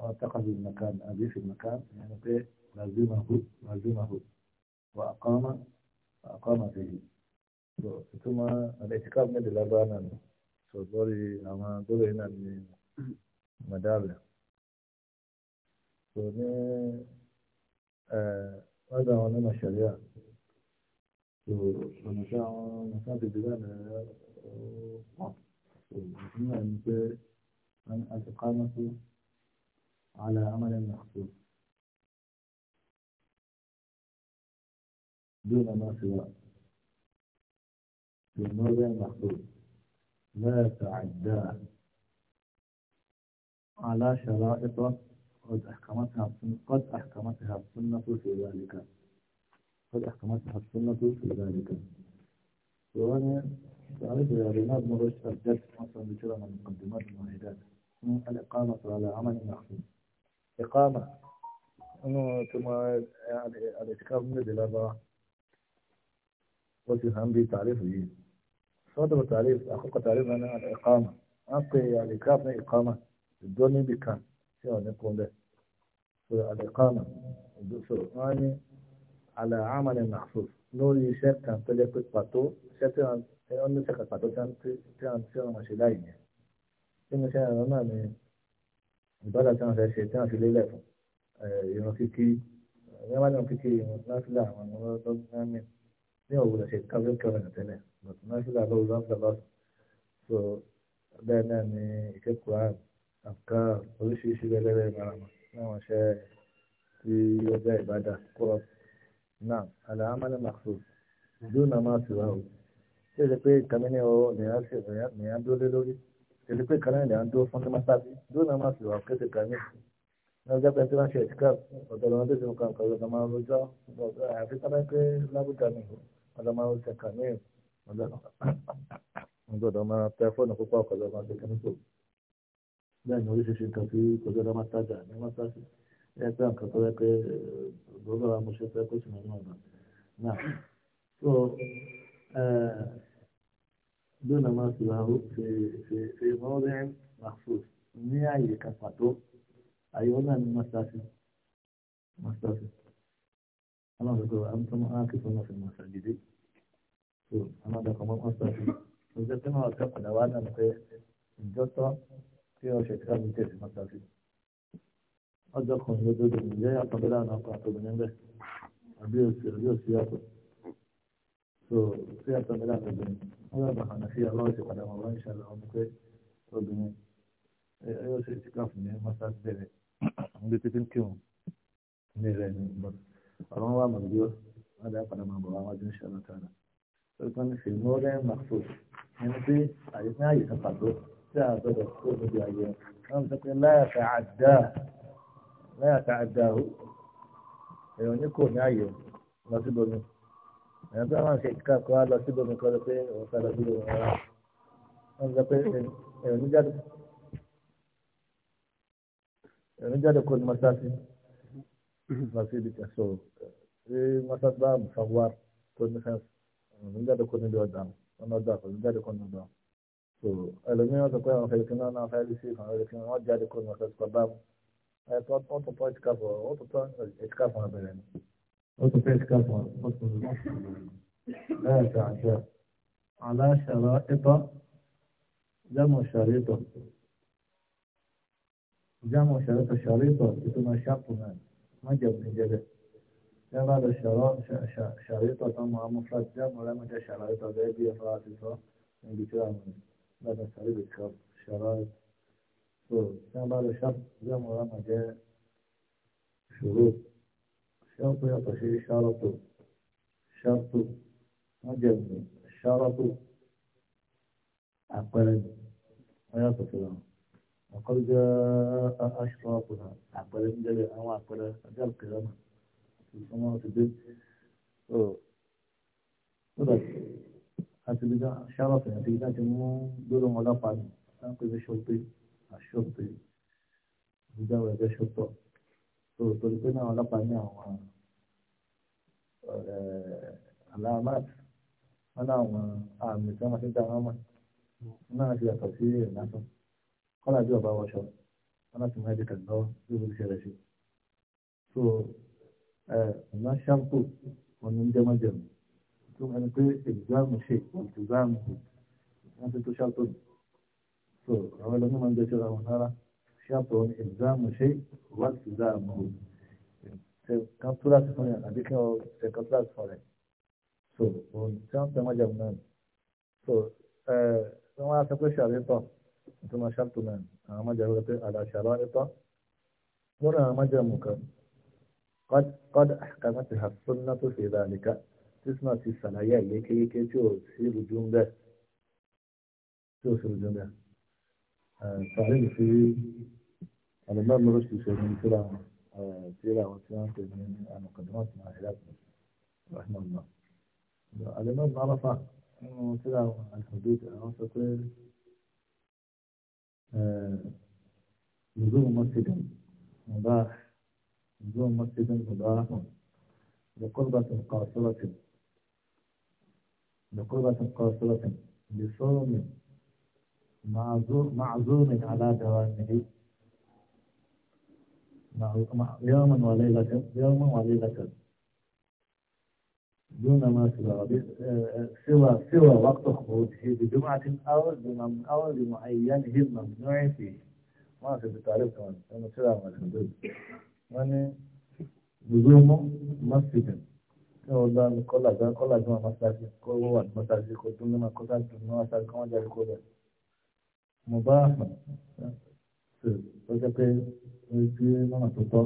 wọn tàkàbí màkà àbí fi màkà yẹn pé làzímàhù làzímàhù wà àkọ́mà àkọ́mà fèyí so ìtumọ̀ àdéhìká mẹ́lẹ̀ lágbára náà so lórí àwọn gbọ́dọ̀ yìí náà ní کنه هذا اه، آن مشاریه اه، تو مثلا بدون من من الإقامة على عمل مخصوص دون ما سواء في الموضع المخصوص لا تعدى على شرائطه قد أحكمتها السنة قد أحكمتها السنة في ذلك قد أحكمتها السنة في ذلك وأنا تعرف يا رناد بن رشد الجد مثلا بكذا من مقدمات المعاهدات الإقامة على عمل مخصوص إقامة إنه ثم يعني الاعتكاف من الدلابة وفي عندي تعريف لي صدر تعريف أخوك تعريف أنا الإقامة أنت يعني كافني إقامة الدنيا بكام tí wọn ní kó bẹ so àdìkọ́nà ìdúsọ wọn ní àlà àmàlẹ nàṣọ lórí iṣẹ́ kan tó jẹ́ pé pàtó iṣẹ́ tí wọn wọn ní iṣẹ́ kan pàtó tí wọn tí wọn tí wọn ṣe láì yẹn nínú iṣẹ́ àwọn náà ni ìbádà tí wọn fẹ́ ṣe tí wọn fi lélẹ̀ fún ìrun kíkí ìyẹn wá ní ìrun kíkí ìrun náfìlà àwọn ọmọ ọdún náà mi ní òwúrọ̀ ṣe káfíń kẹrin tẹ́lẹ̀ náfìlà lọ́wọ́ náfìlà lọ́sùn so bẹ́ẹ̀ náà ni ìkẹ́kọ̀ọ́ àrùn àká oríṣiríṣi lẹ́lẹ́rẹ́ ìmọ̀ràn láwọn iṣẹ́ tí ó jẹ́ ìbádà kúrọ̀ náà àlàámálẹ̀ màkùsù dúnà máa sì wá o ṣé ṣe pé ìkànnì ní ọ̀rọ̀ nìyà sí nìyà dúró lé lórí ṣèlú pé ìkànnì nìyà dúró fún tẹmọsáàbí dúnà máa sì wá kéde kàmí náà jẹ́ pé tí wọ́n ṣe ìtìkà ọ̀dọ̀ lọ́wọ́ tó ti kàn kàn lọ́dọ̀ máa rojọ́ àfi sábẹ́ pé lábùjá mi ọ̀dọ̀ máa rojọ́ kàmí ọ̀dọ̀ máa tẹ fóònù púpọ̀ ọ̀kọ̀dọ̀ máa ṣe kàmí bẹ́ẹ̀ ni oríṣiríṣi nǹkan tí kò jẹ́ dáná tájà ní mọ́sáàsì ẹ pé nǹkan tó yẹ pé gbogbo àwọn ọmọọṣẹ́ tó yẹ pé sùnmọ́ náà náà so eh, bí ọ̀nà máa fi wá ṣe ṣe ṣe mọ́rẹ́ maxus ní àyè kan pàtó àyè ọ̀nà ní mọ́sáàsì mọ́sáàsì aláàbẹ̀tọ̀ àmútọ́mọ́ ákìtọ́ náà fi mọ́sáàgìdì so aláàbẹ̀kọ̀ mọ́sáàsì ìjọ tó náà ọ̀tẹ́ padà wá náà pé ìjọ tó tí wọ́n ṣe tí wọ́n tẹ̀lé mọ́tàkì. ọjọ́ kan ló dúró ní ìjẹ́ yàtọ̀ bẹ́ẹ̀ láwọn ọkọ̀ àtọ̀gbìn níbẹ̀ àbí òsì àbí òsì yàtọ̀ so sí yàtọ̀ bẹ́ẹ̀ láwọn ọkọ̀ wọ́n yàtọ̀ àná sí ọlọ́run ṣe padà wọn wọ́n ṣàlọ́ wọn pé obìnrin yóò ṣe ìtìká fún ní mọ́tàkì bẹ̀rẹ̀ àwọn ibi títí ń kírun ní rẹ̀ ní bọ́t ọ̀rọ̀ wa mọ̀ bí ó wọ́n dá padà máa bọ̀ wá wájú ìṣẹ̀lẹ̀ tààrà. ó kàn ń ṣe ìmúrẹ́ màkúù ẹni pé àyíká àyíká pàtó tí a gbọdọ̀ kó níbi ayé wọn sọ pé láyàtà àdá láyàtà àdá o èèyàn ní kò ní ayé lọ sí bomi èèyàn tó máa ń ṣe kíkàkọ́ á lọ sí bomi kọ́ lọ pé òun fẹ́ lọ sí bomi rárá wọn sọ pé èèyàn ní jáde èèyàn ní jáde kó ní mọ́sáàsì lọ sí ibi kẹsọ̀ ṣé mọ́sáàsì bá mùsàwá tó ní fẹ́ èèyàn ní jáde kó níbi ọ̀dà wọn ọ̀dà kò ní jáde kó níbi ọ̀dà. so ẹlòmíràn wọ́n sọ pé àwọn fẹ́ẹ́ kí náà náà fẹ́ẹ́ lè ṣe àwọn ẹlòmíràn wọ́n jáde kó ní ọ̀sẹ̀ sọ bá mu wọ́n tó tọ́ ìtìká fún wọ́n tó tọ́ ìtìká fún abẹ́rẹ́ ni wọ́n tó tọ́ ìtìká fún wọ́n tó tọ́ bẹ́ẹ̀ ṣe àṣẹ aláṣàrà ìtọ́ jámọ̀ ṣàrìtọ̀ jámọ̀ ṣàrìtọ̀ ṣàrìtọ̀ ìtumọ̀ ṣàpù náà má jẹun ní jẹbẹ yàrá lọ ṣàrìtọ̀ tó máa mú fúlàtì jámọ̀ rẹ̀ mọ̀ jẹ́ ṣàrìtọ̀ bẹ́ẹ̀ bí ẹ fara ti sọ níbi tí wàá mú mi. ماذا تعريف الشرط شرائط كان بعد شرط زي ما لما جاء شروط شرط يطشي شرط شرط ما شرط منين الشرط عقلا ويطف لهم وقد جاء أشراطها عقلا جاء أو عقلا جاء القيامة في السماوات الدنيا láti bí ṣáràfẹ̀ àti láti mú gbóló wọn lápá ní láti bí ṣọ́pẹ́ àṣọ́pẹ́ ìdáwọ̀ ẹgbẹ́ ṣọ́pọ̀ tó torí pé náà lápá ní àwọn alamat wọn láwọn àmì tí wọn ti dá wọn mọ náà ti yàtọ̀ sí ìrìnàṣọ kọ́lá bí ọba wọṣọ wọn láti mú ẹ̀dẹ̀kẹ̀ lọ́wọ́ bí ó ṣe rẹ̀ ṣe so ọ̀nà ṣàǹpù ọ̀nà ń tó wọ́n ní pé ìgbàmù ṣe ìgbàmù wọ́n ti tó ṣàtọ̀ ní so àwọn ẹlẹ́nu máa ń jẹ́ṣẹ́ ra wọn rárá ṣàtọ̀ ní ìgbàmù ṣe wọ́n ti dáàmù ṣe kátúrásì fún yàrá àbí kí wọ́n ṣe kátúrásì fún rẹ̀ so òun tí wọ́n fẹ́ mọ́jà náà so wọ́n wá sọ pé ṣàrẹ́tọ̀ tó máa ṣàtọ̀ náà àwọn mọ́jà rẹ̀ pé àdàṣàrọ̀ ẹ̀tọ́ lórí àwọn mọ́jà mú kan قد أحكمتها السنة في ذلك استثناء في الصنايع يك يك جو في الجملة جو في الجملة فعلي في أنا ما مرشت شيء من كلا كلا وكلام تبين أنا قدمت مع حلاب رحمة الله على ما بعرف إنه كلا الحدود أنا أقول نزوم مسجد مباح نزوم مسجد مباح وقربة القاصرة بقربة قاصرة لصوم معزوم على دوامه يوما وليلة يوما وليلة دون ما سوى سوى سوى وقت خروجه بجمعة أو أو لمعينه الممنوع فيه ما في بتعرف كمان أنا سوى مسدود يعني بزومه مسجد ní ọgbà mi kọ́là gan kọ́là gan mọ́sáàsì kó wà ní mọ́sáàsì kó tún ní mọ́sáàsì ní mọ́sáàsì kọ́ wọ́n jáde kó lẹ̀. mo bá ṣe tó jẹ́ pé mo ti lọ́nà tó tọ́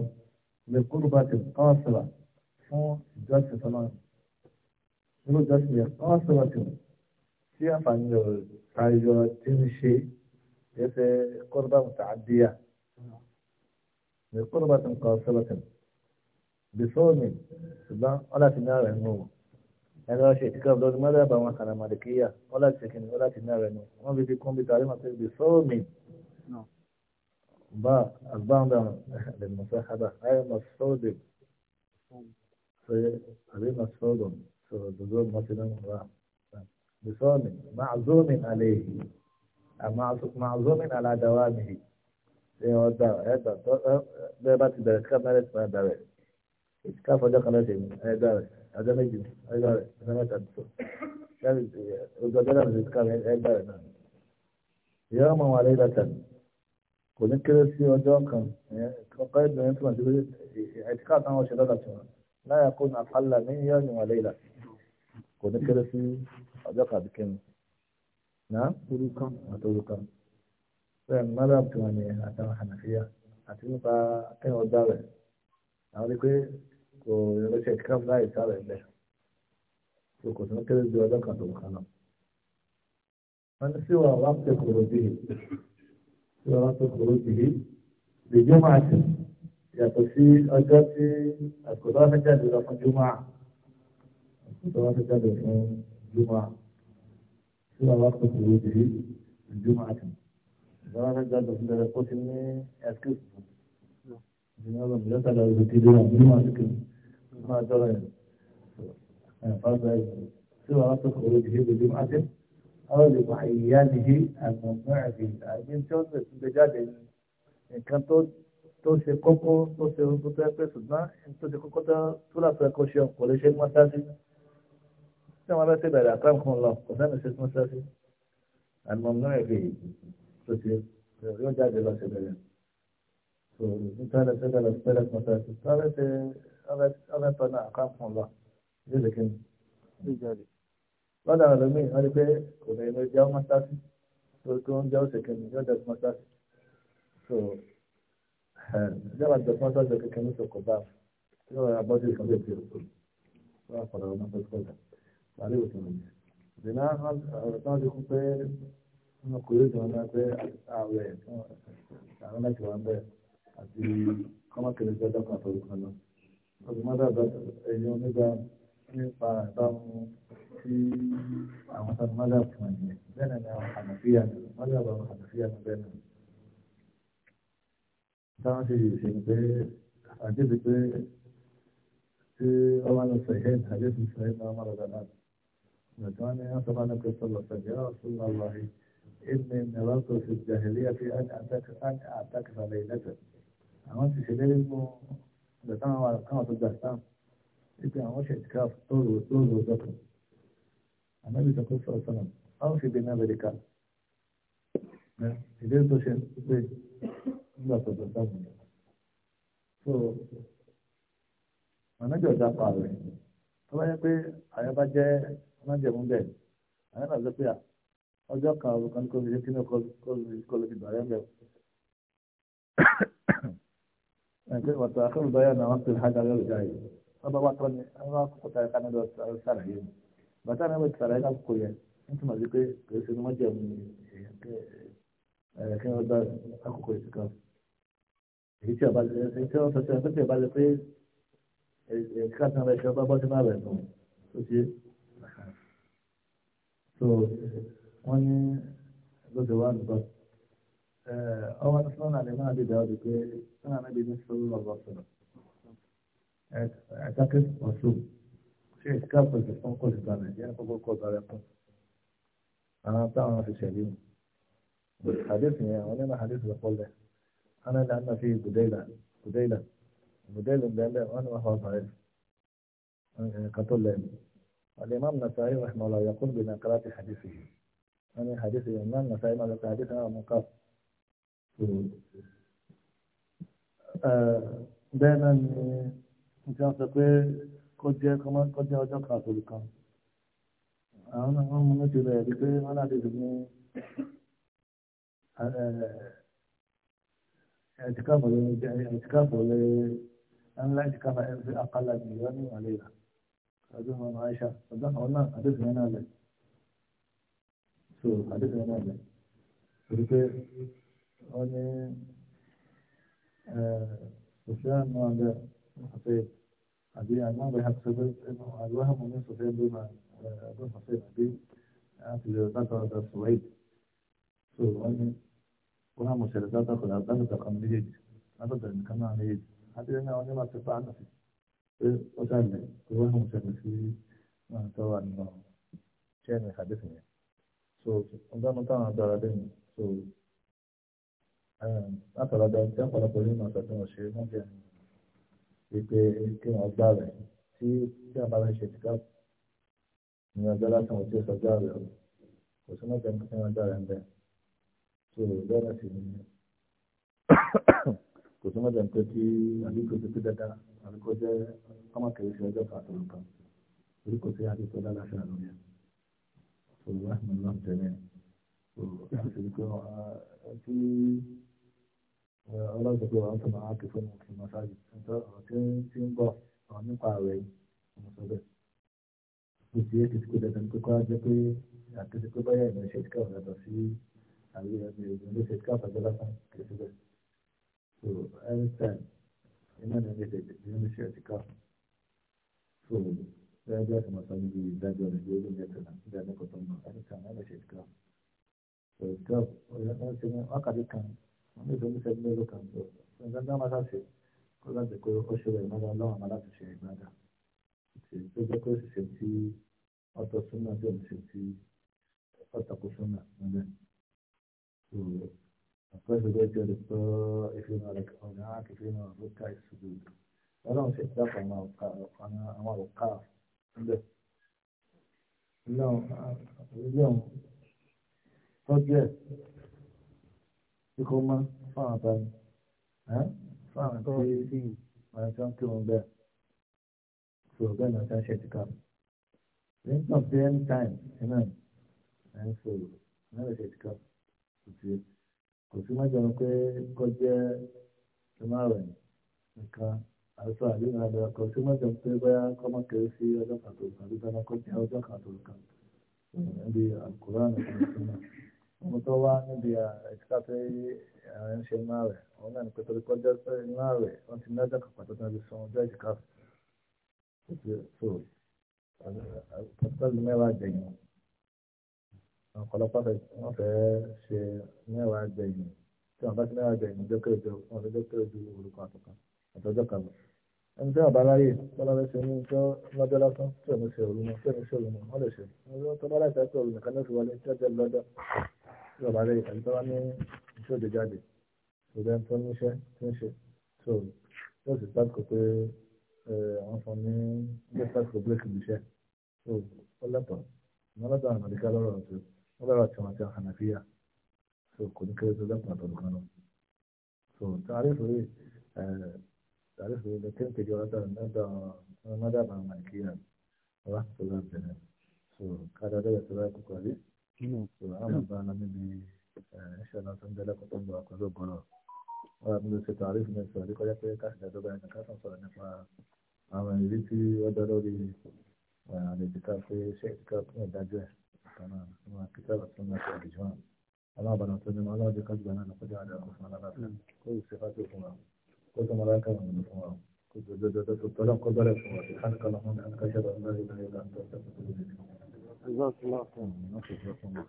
lè kúrò bá ti kọ́ sọ̀rọ̀ fún ìjọsìn tọ́lọ́run nínú ìjọsìn yẹn kọ́ sọ̀rọ̀ tó tí àǹfààní rẹ̀ tayọ tí ń ṣe ẹsẹ̀ kọ́rọ̀ bá mi tàá díyà lè kúrò bá ti kọ́ sọ̀rọ̀ tẹ̀lé bísọ́ọ̀nì ṣùgbọ́n wọ́n láti ná rẹ̀ nù ẹni wọ́n ṣe ìtìkọ́ lórí mọ́lẹ́bà wọn kàrà màdìkíyà wọ́n láti ṣe kìnnì wọ́n láti ná rẹ̀ nù wọ́n fi fi kún bí tàrí màtí bísọ́ọ̀nì bá àgbáńdà lẹ́mọ̀fẹ́ hábà ayé mọ̀sọ́ọ̀dì àbí mọ̀sọ́ọ̀dùn sọ̀rọ̀dùn mọ́sílẹ̀ wà bísọ́ọ̀nì màzúmì àlẹ́ màzúmì àlàdáwà mi ṣe ọ̀dà ẹ̀dà bẹ́ẹ̀ bá ti bẹ̀rẹ̀ kí ìtìkáfù ọjọ́ kan lọ́sẹ̀ ẹgbà rẹ̀ ọjọ́ méjì ẹgbà rẹ̀ ọjọ́ mẹ́ta tó ojú ọjọ́ náà lè ká ẹgbà rẹ̀ náà ìyá ọmọ wa lè dàtà kò kò ránṣẹ́ kíkàm láì sáré ń bẹ̀ tó kò tún kéré ju ọjọ́ kan tó kan náà. wọ́n sì wà wá pé kòrò bì í sí wà wá pé kòrò bì í lè jọ́ máa tì yàtọ̀ sí ọjọ́ tí àkótó wọn fẹ́ jáde lọ fún jùmọ̀ àkótó wọn fẹ́ jáde fún jùmọ̀ sí wà wá pé kòrò bì í lè jọ́ máa tì ìjọba fẹ́ jáde fún bẹ̀rẹ̀ kó ti ní ẹ̀kú ìjọba fẹ́ jáde lọ sí ti dé wọn jùmọ̀ àti kìnnìún. ما درى فضل سوى تخرجه بجمعة أو لمعينه الممنوع فيه أمين شون بجاد إن كان tó ṣe kókó tó ṣe ohun tó tẹ́ pé ṣùgbọ́n tó ṣe kókó tó láti ẹ̀kọ́ ṣe kò lè ṣe ní mọ́ṣáláṣí tí wọ́n bá ṣe bẹ̀rẹ̀ àkàrà kan lọ kò sẹ́ni ṣe mọ́ṣáláṣí àmọ́mọ́ ẹ̀fẹ̀ tó ṣe yóò jáde lọ ṣe bẹ̀rẹ̀ tó ní tọ́lẹ̀ ṣe bẹ̀rẹ̀ ṣe bẹ̀rẹ̀ mọ́ṣáláṣí tọ́lẹ̀ ṣe ọ̀fẹ́ tọ́ náà ká fún un lọ ní ìdèkè ní ìjọba lọ́dọ̀ àwọn ẹlòmíì wọ́n ní pé kò lè lọ jẹ́ mọ́sáàsì tó tó ń jẹ́ òṣèké ní yóò dẹ̀kun mọ́sáàsì tó ìjọba dẹ̀kun mọ́sáàsì kékeré ní sọ̀kọ̀ bá tí wọ́n yà bọ́sì ìkànnì ètò ìròkò wọ́n kọ̀ lọ́wọ́ mọ́sáàsì kọjá wàlẹ́ òtò nìyí. ìdènà ọ̀rọ̀ tí wọ́n ti kú pé wọ́n kò yóò jọ wọn pé àwẹ̀ àwọn mẹ́tì wọn bẹ́ẹ̀ àti kọ́mọ́kẹ́lẹ́ olùmọ́dàgbà ẹ̀yìn onígbà nípa ìbámu sí àwọn olùmọ́dà fún ẹ̀yìn bẹ́ẹ̀ ni àwọn àlàfíà olùmọ́dàgbà àwọn àlàfíà ní bẹ́ẹ̀ náà. táwọn ṣe yìí ṣe ń pé àdébí pé tí ọmọ lọ sẹ̀yìn àdébí sẹ̀yìn náà ọmọ lọ́dà náà. ìgbàgbọ́n ni wọ́n sọ bá ní pé sọ̀rọ̀ sẹ̀yìn ọ̀sùn lọ́wọ́ yìí. إني نظرت في الجاهلية أن أعتكف ليلة. أنا في خلال ìgbà táwọn wà káwọn tó gbà sáà wípé àwọn ṣe ìtìkáf tó rò tó rò lọ́kàn ànábì tó kó sọ̀rọ̀ sọ̀rọ̀ báwọn fi gbé ní amẹ́ríkà ìdí tó ṣe pé nígbà tó tó so ànábì pa pe kan وتأخر بيان وقت الحاجة غير الجاي هذا وقت أنا كنت أنا سرعين بس أنا مش سرعين أقوياء أنت ما ذيك بس ما جاء من كان هذا أكو كويس كان هيك بعد هيك أنا تسافرت بعد في كاتنا بس هذا بس ما بينهم تجي so wọ́n ní lóde wa nígbà ọmọ tó fún àlẹ́ náà dìde ọdún pé fún àmì ìdí ní sọ́rọ́ ọ̀rọ̀ sọ̀rọ̀ ẹ̀ẹ́dẹ́kẹ́ ọ̀ṣun ṣé ìsìkáàpù ẹ̀sẹ̀ fún kò sí balẹ̀ jẹ́ kókó kó balẹ̀ kù àwọn táwọn ti ṣẹ̀lẹ̀ mu hadith yẹn àwọn onímọ̀ hadith ló kọ́lẹ̀ wọn ní lànà fi gùdẹ́là gùdẹ́là gùdẹ́là bẹ́ẹ̀ wọn ni wọn fọ balẹ̀ kàtó lẹ́nu الإمام النسائي رحمه الله يقول بنقلات حديثه يعني حديث الإمام النسائي ما ذكر حديث أنا منقص bẹ́ẹ̀ náà ni nǹkan sọ pé kó jẹ́ kó jẹ́ ọjọ́ kan àtòlù kan àwọn náà wọ́n mú ní ti rẹ̀ rí pé wọ́n láti rí ní اعتكاف اعتكاف ولا أنا لا اعتكاف أقل من يومي وليلة أدوها مع عائشة صدق قلنا حدث هنا لك شو حدث هنا لك wọ́n ní سفيان مع الحصيب أبي أمام بها الحصيب إنه الوهم من سفيان بما أبو الحصيب أبي في ذكر السويد سواني وهم مشاهدات أخذ أبدان تقام ليد أبدا إن كان ليد حتى أنا أنا ما تفعل نفسي وسألني وهم مشاهدات في ما توا إنه شيء من حدثني سو عندما طبعا دارين سو látọ̀rọ̀ ọjọ́ tí ọ̀pọ̀lọpọ̀ nínú ọ̀sẹ̀ tí wọ́n ṣe wọ́n jẹ́ wípé kí wọ́n gbá rẹ̀ tí tí wọ́n bá fẹ́ ṣe tìkà ní ọjọ́ láti wọ́n tí ó sọjọ́ rẹ̀ o kò sí mọ́jọ́ kí wọ́n gbá rẹ̀ ń bẹ̀ tó bẹ́ẹ̀ sì ni kò sí mọ́jọ́ pé kí àdúgbò ti pé dáadáa àdúgbò jẹ́ ọmọkèrè sí ọjọ́ kan àtọ̀rọ̀ orí kò sí àdúgbò dáadáa ṣe àlọ́ yẹn tó wá ọlọ́run pé wọ́n tún máa kí fún mi kí n máa ṣáájú ọ̀rọ̀ tí ń bọ̀ ọ̀rọ̀ nípa rẹ̀ yìí mo sọ bẹ́ẹ̀. ìdí èsì tí kò dandan pé kọ́ jẹ́ pé àtúnṣe pé báyà ìmọ̀ ìṣe ìdíkà ọ̀rọ̀ yàtọ̀ sí àwọn ẹni ìgbìmọ̀ ìṣe ìdíkà àtàjọ lásán kìí síbẹ̀. so every time iná ní ilé ìgbìmọ̀ ìṣe ìdíkà so bẹ́ẹ̀ bí àtúmọ̀ sọ níbi ìdájọ́ rẹ̀ ló lóun yẹtọ̀ náà ìdájọ́ kọ̀ọ̀tọ̀ mọ̀ anytime ẹni ìṣe ìdíkà. so ìdíkà wákàtí kan ní ìdókòwò sẹ́yìn lérò kan tó nǹkan tó máa ṣàṣe kó láti pé ó ṣe rẹ̀ mọ́ra lọ́wọ́ àmọ́ láti ṣe ìgbádà tó jẹ́ pé ṣiṣẹ́ tí ọ̀tọ̀ súnà tó ń ṣe tí ọ̀tọ̀kù súnà nílẹ̀ àpẹẹrẹ rẹ̀ jẹ́ lè pọ́ ìfihàn rẹ̀ ọ̀nà àkìfihàn rẹ̀ ká ìṣubú ọlọ́run ṣe dápọ̀ àwọn òkà níbẹ̀ ilé ọ̀hún tọ́jú ẹ̀ tí kò mọ́ fáwọn àbáyé fáwọn tí àwọn tí wọ́n kí wọn bẹ́ẹ̀ tó bẹ́ẹ̀ náà ṣáṣẹ́ ti ká lẹ́yìn náà bí ẹni táìm iná ẹ̀ ń sọ̀rọ̀ náà ṣe ti ká kò sí kò sí má jẹun pé kọ́ jẹ́ ìmọ̀ràn nìkan àìsàn àdéhùn àdéhùn àkọ́ sí má jẹun pé bóyá kọ́mọ́ kéré sí ọjọ́ kan tó kan tó dáná kọ́ jẹ́ ọjọ́ kan tó kan níbi àkùrá nìkan tó náà mo tó wá níbi ẹ̀ka pé àwọn ń ṣe máa rẹ̀ òun náà ní pé torí kọjá pé máa rẹ̀ wọ́n ti nájà kàpà tó tán fi san ọjọ́ ìjìká so pọtọ́lù mẹ́wàá jẹ̀yìn ọ̀pọ̀lọpọ̀ wọ́n fẹ́ ṣe mẹ́wàá jẹ̀yìn tí wọ́n bá ti mẹ́wàá jẹ̀yìn ọjọ́ kéèjọ wọ́n fi ọjọ́ kéèjọ olùkọ́ àtọ̀kan àtọ́jọ́ kan ẹni tí wọ́n bá láyè tọ́lá fẹ́ ṣe ní ọjọ́ lọ́jọ́ lásán tí òun ṣe òru mọ́ tí òun ṣe òru mọ́ wọ́n lè ṣe ọjọ́ tọ́lá láì fẹ́ ṣe òru nìkan ní òṣùwọlé tí ọjọ́ lọ́jọ́ tí ọba rẹ̀ àti tọ́wá ní iṣẹ́ òde jáde kò bẹ́ẹ̀ tó níṣẹ́ tó ń ṣe tó yóò sì pàtó pé àwọn fún ní ilé pàtó bíléèkì níṣẹ́ tó ó lẹ́tọ̀ ìmọ̀ lọ́dọ̀ àwọn àdìgá lọ́rọ̀ ọ̀tún wọ́n lọ́rọ̀ àti àwọn àti àwọn ànàfíà tó kò ní kéré tó lẹ́tọ̀ àtọ̀dọ̀ kan lọ. tó tàrífù rí tàrífù rí lè kéńké jọ lọ́dọ̀ lọ́dọ̀ àwọn àdìgá lọ́rọ̀ àti àwọn ànàfíà kí ni ìṣòro àwọn ọba náà níbi iṣẹ́ náà tó ń dẹ́lẹ́kọ̀ọ́ tó ń bọ̀ pẹ̀lú ògbọ́nọ̀ wọn àti ṣe tààrí fún ẹ̀sìn àdékọ́ jẹ́ pé káṣíjà tó bá ẹni káṣán sọ̀rọ̀ nípa àwọn ìrí tí wọ́n dá lórí àlejìká pé ṣé ìka fún ìdájọ́ ẹ̀ kàná àwọn akíkà tó ń bá ṣe àdìjọ́ àwọn alábàárà tó ní aláàbí káṣíjà náà kọjá àdàkọ fún alábàárà hmm. kó fún wa kó tó fún wa kó tó dọ́dọ́dọ́ Ìjọ́sìn náà fún mi.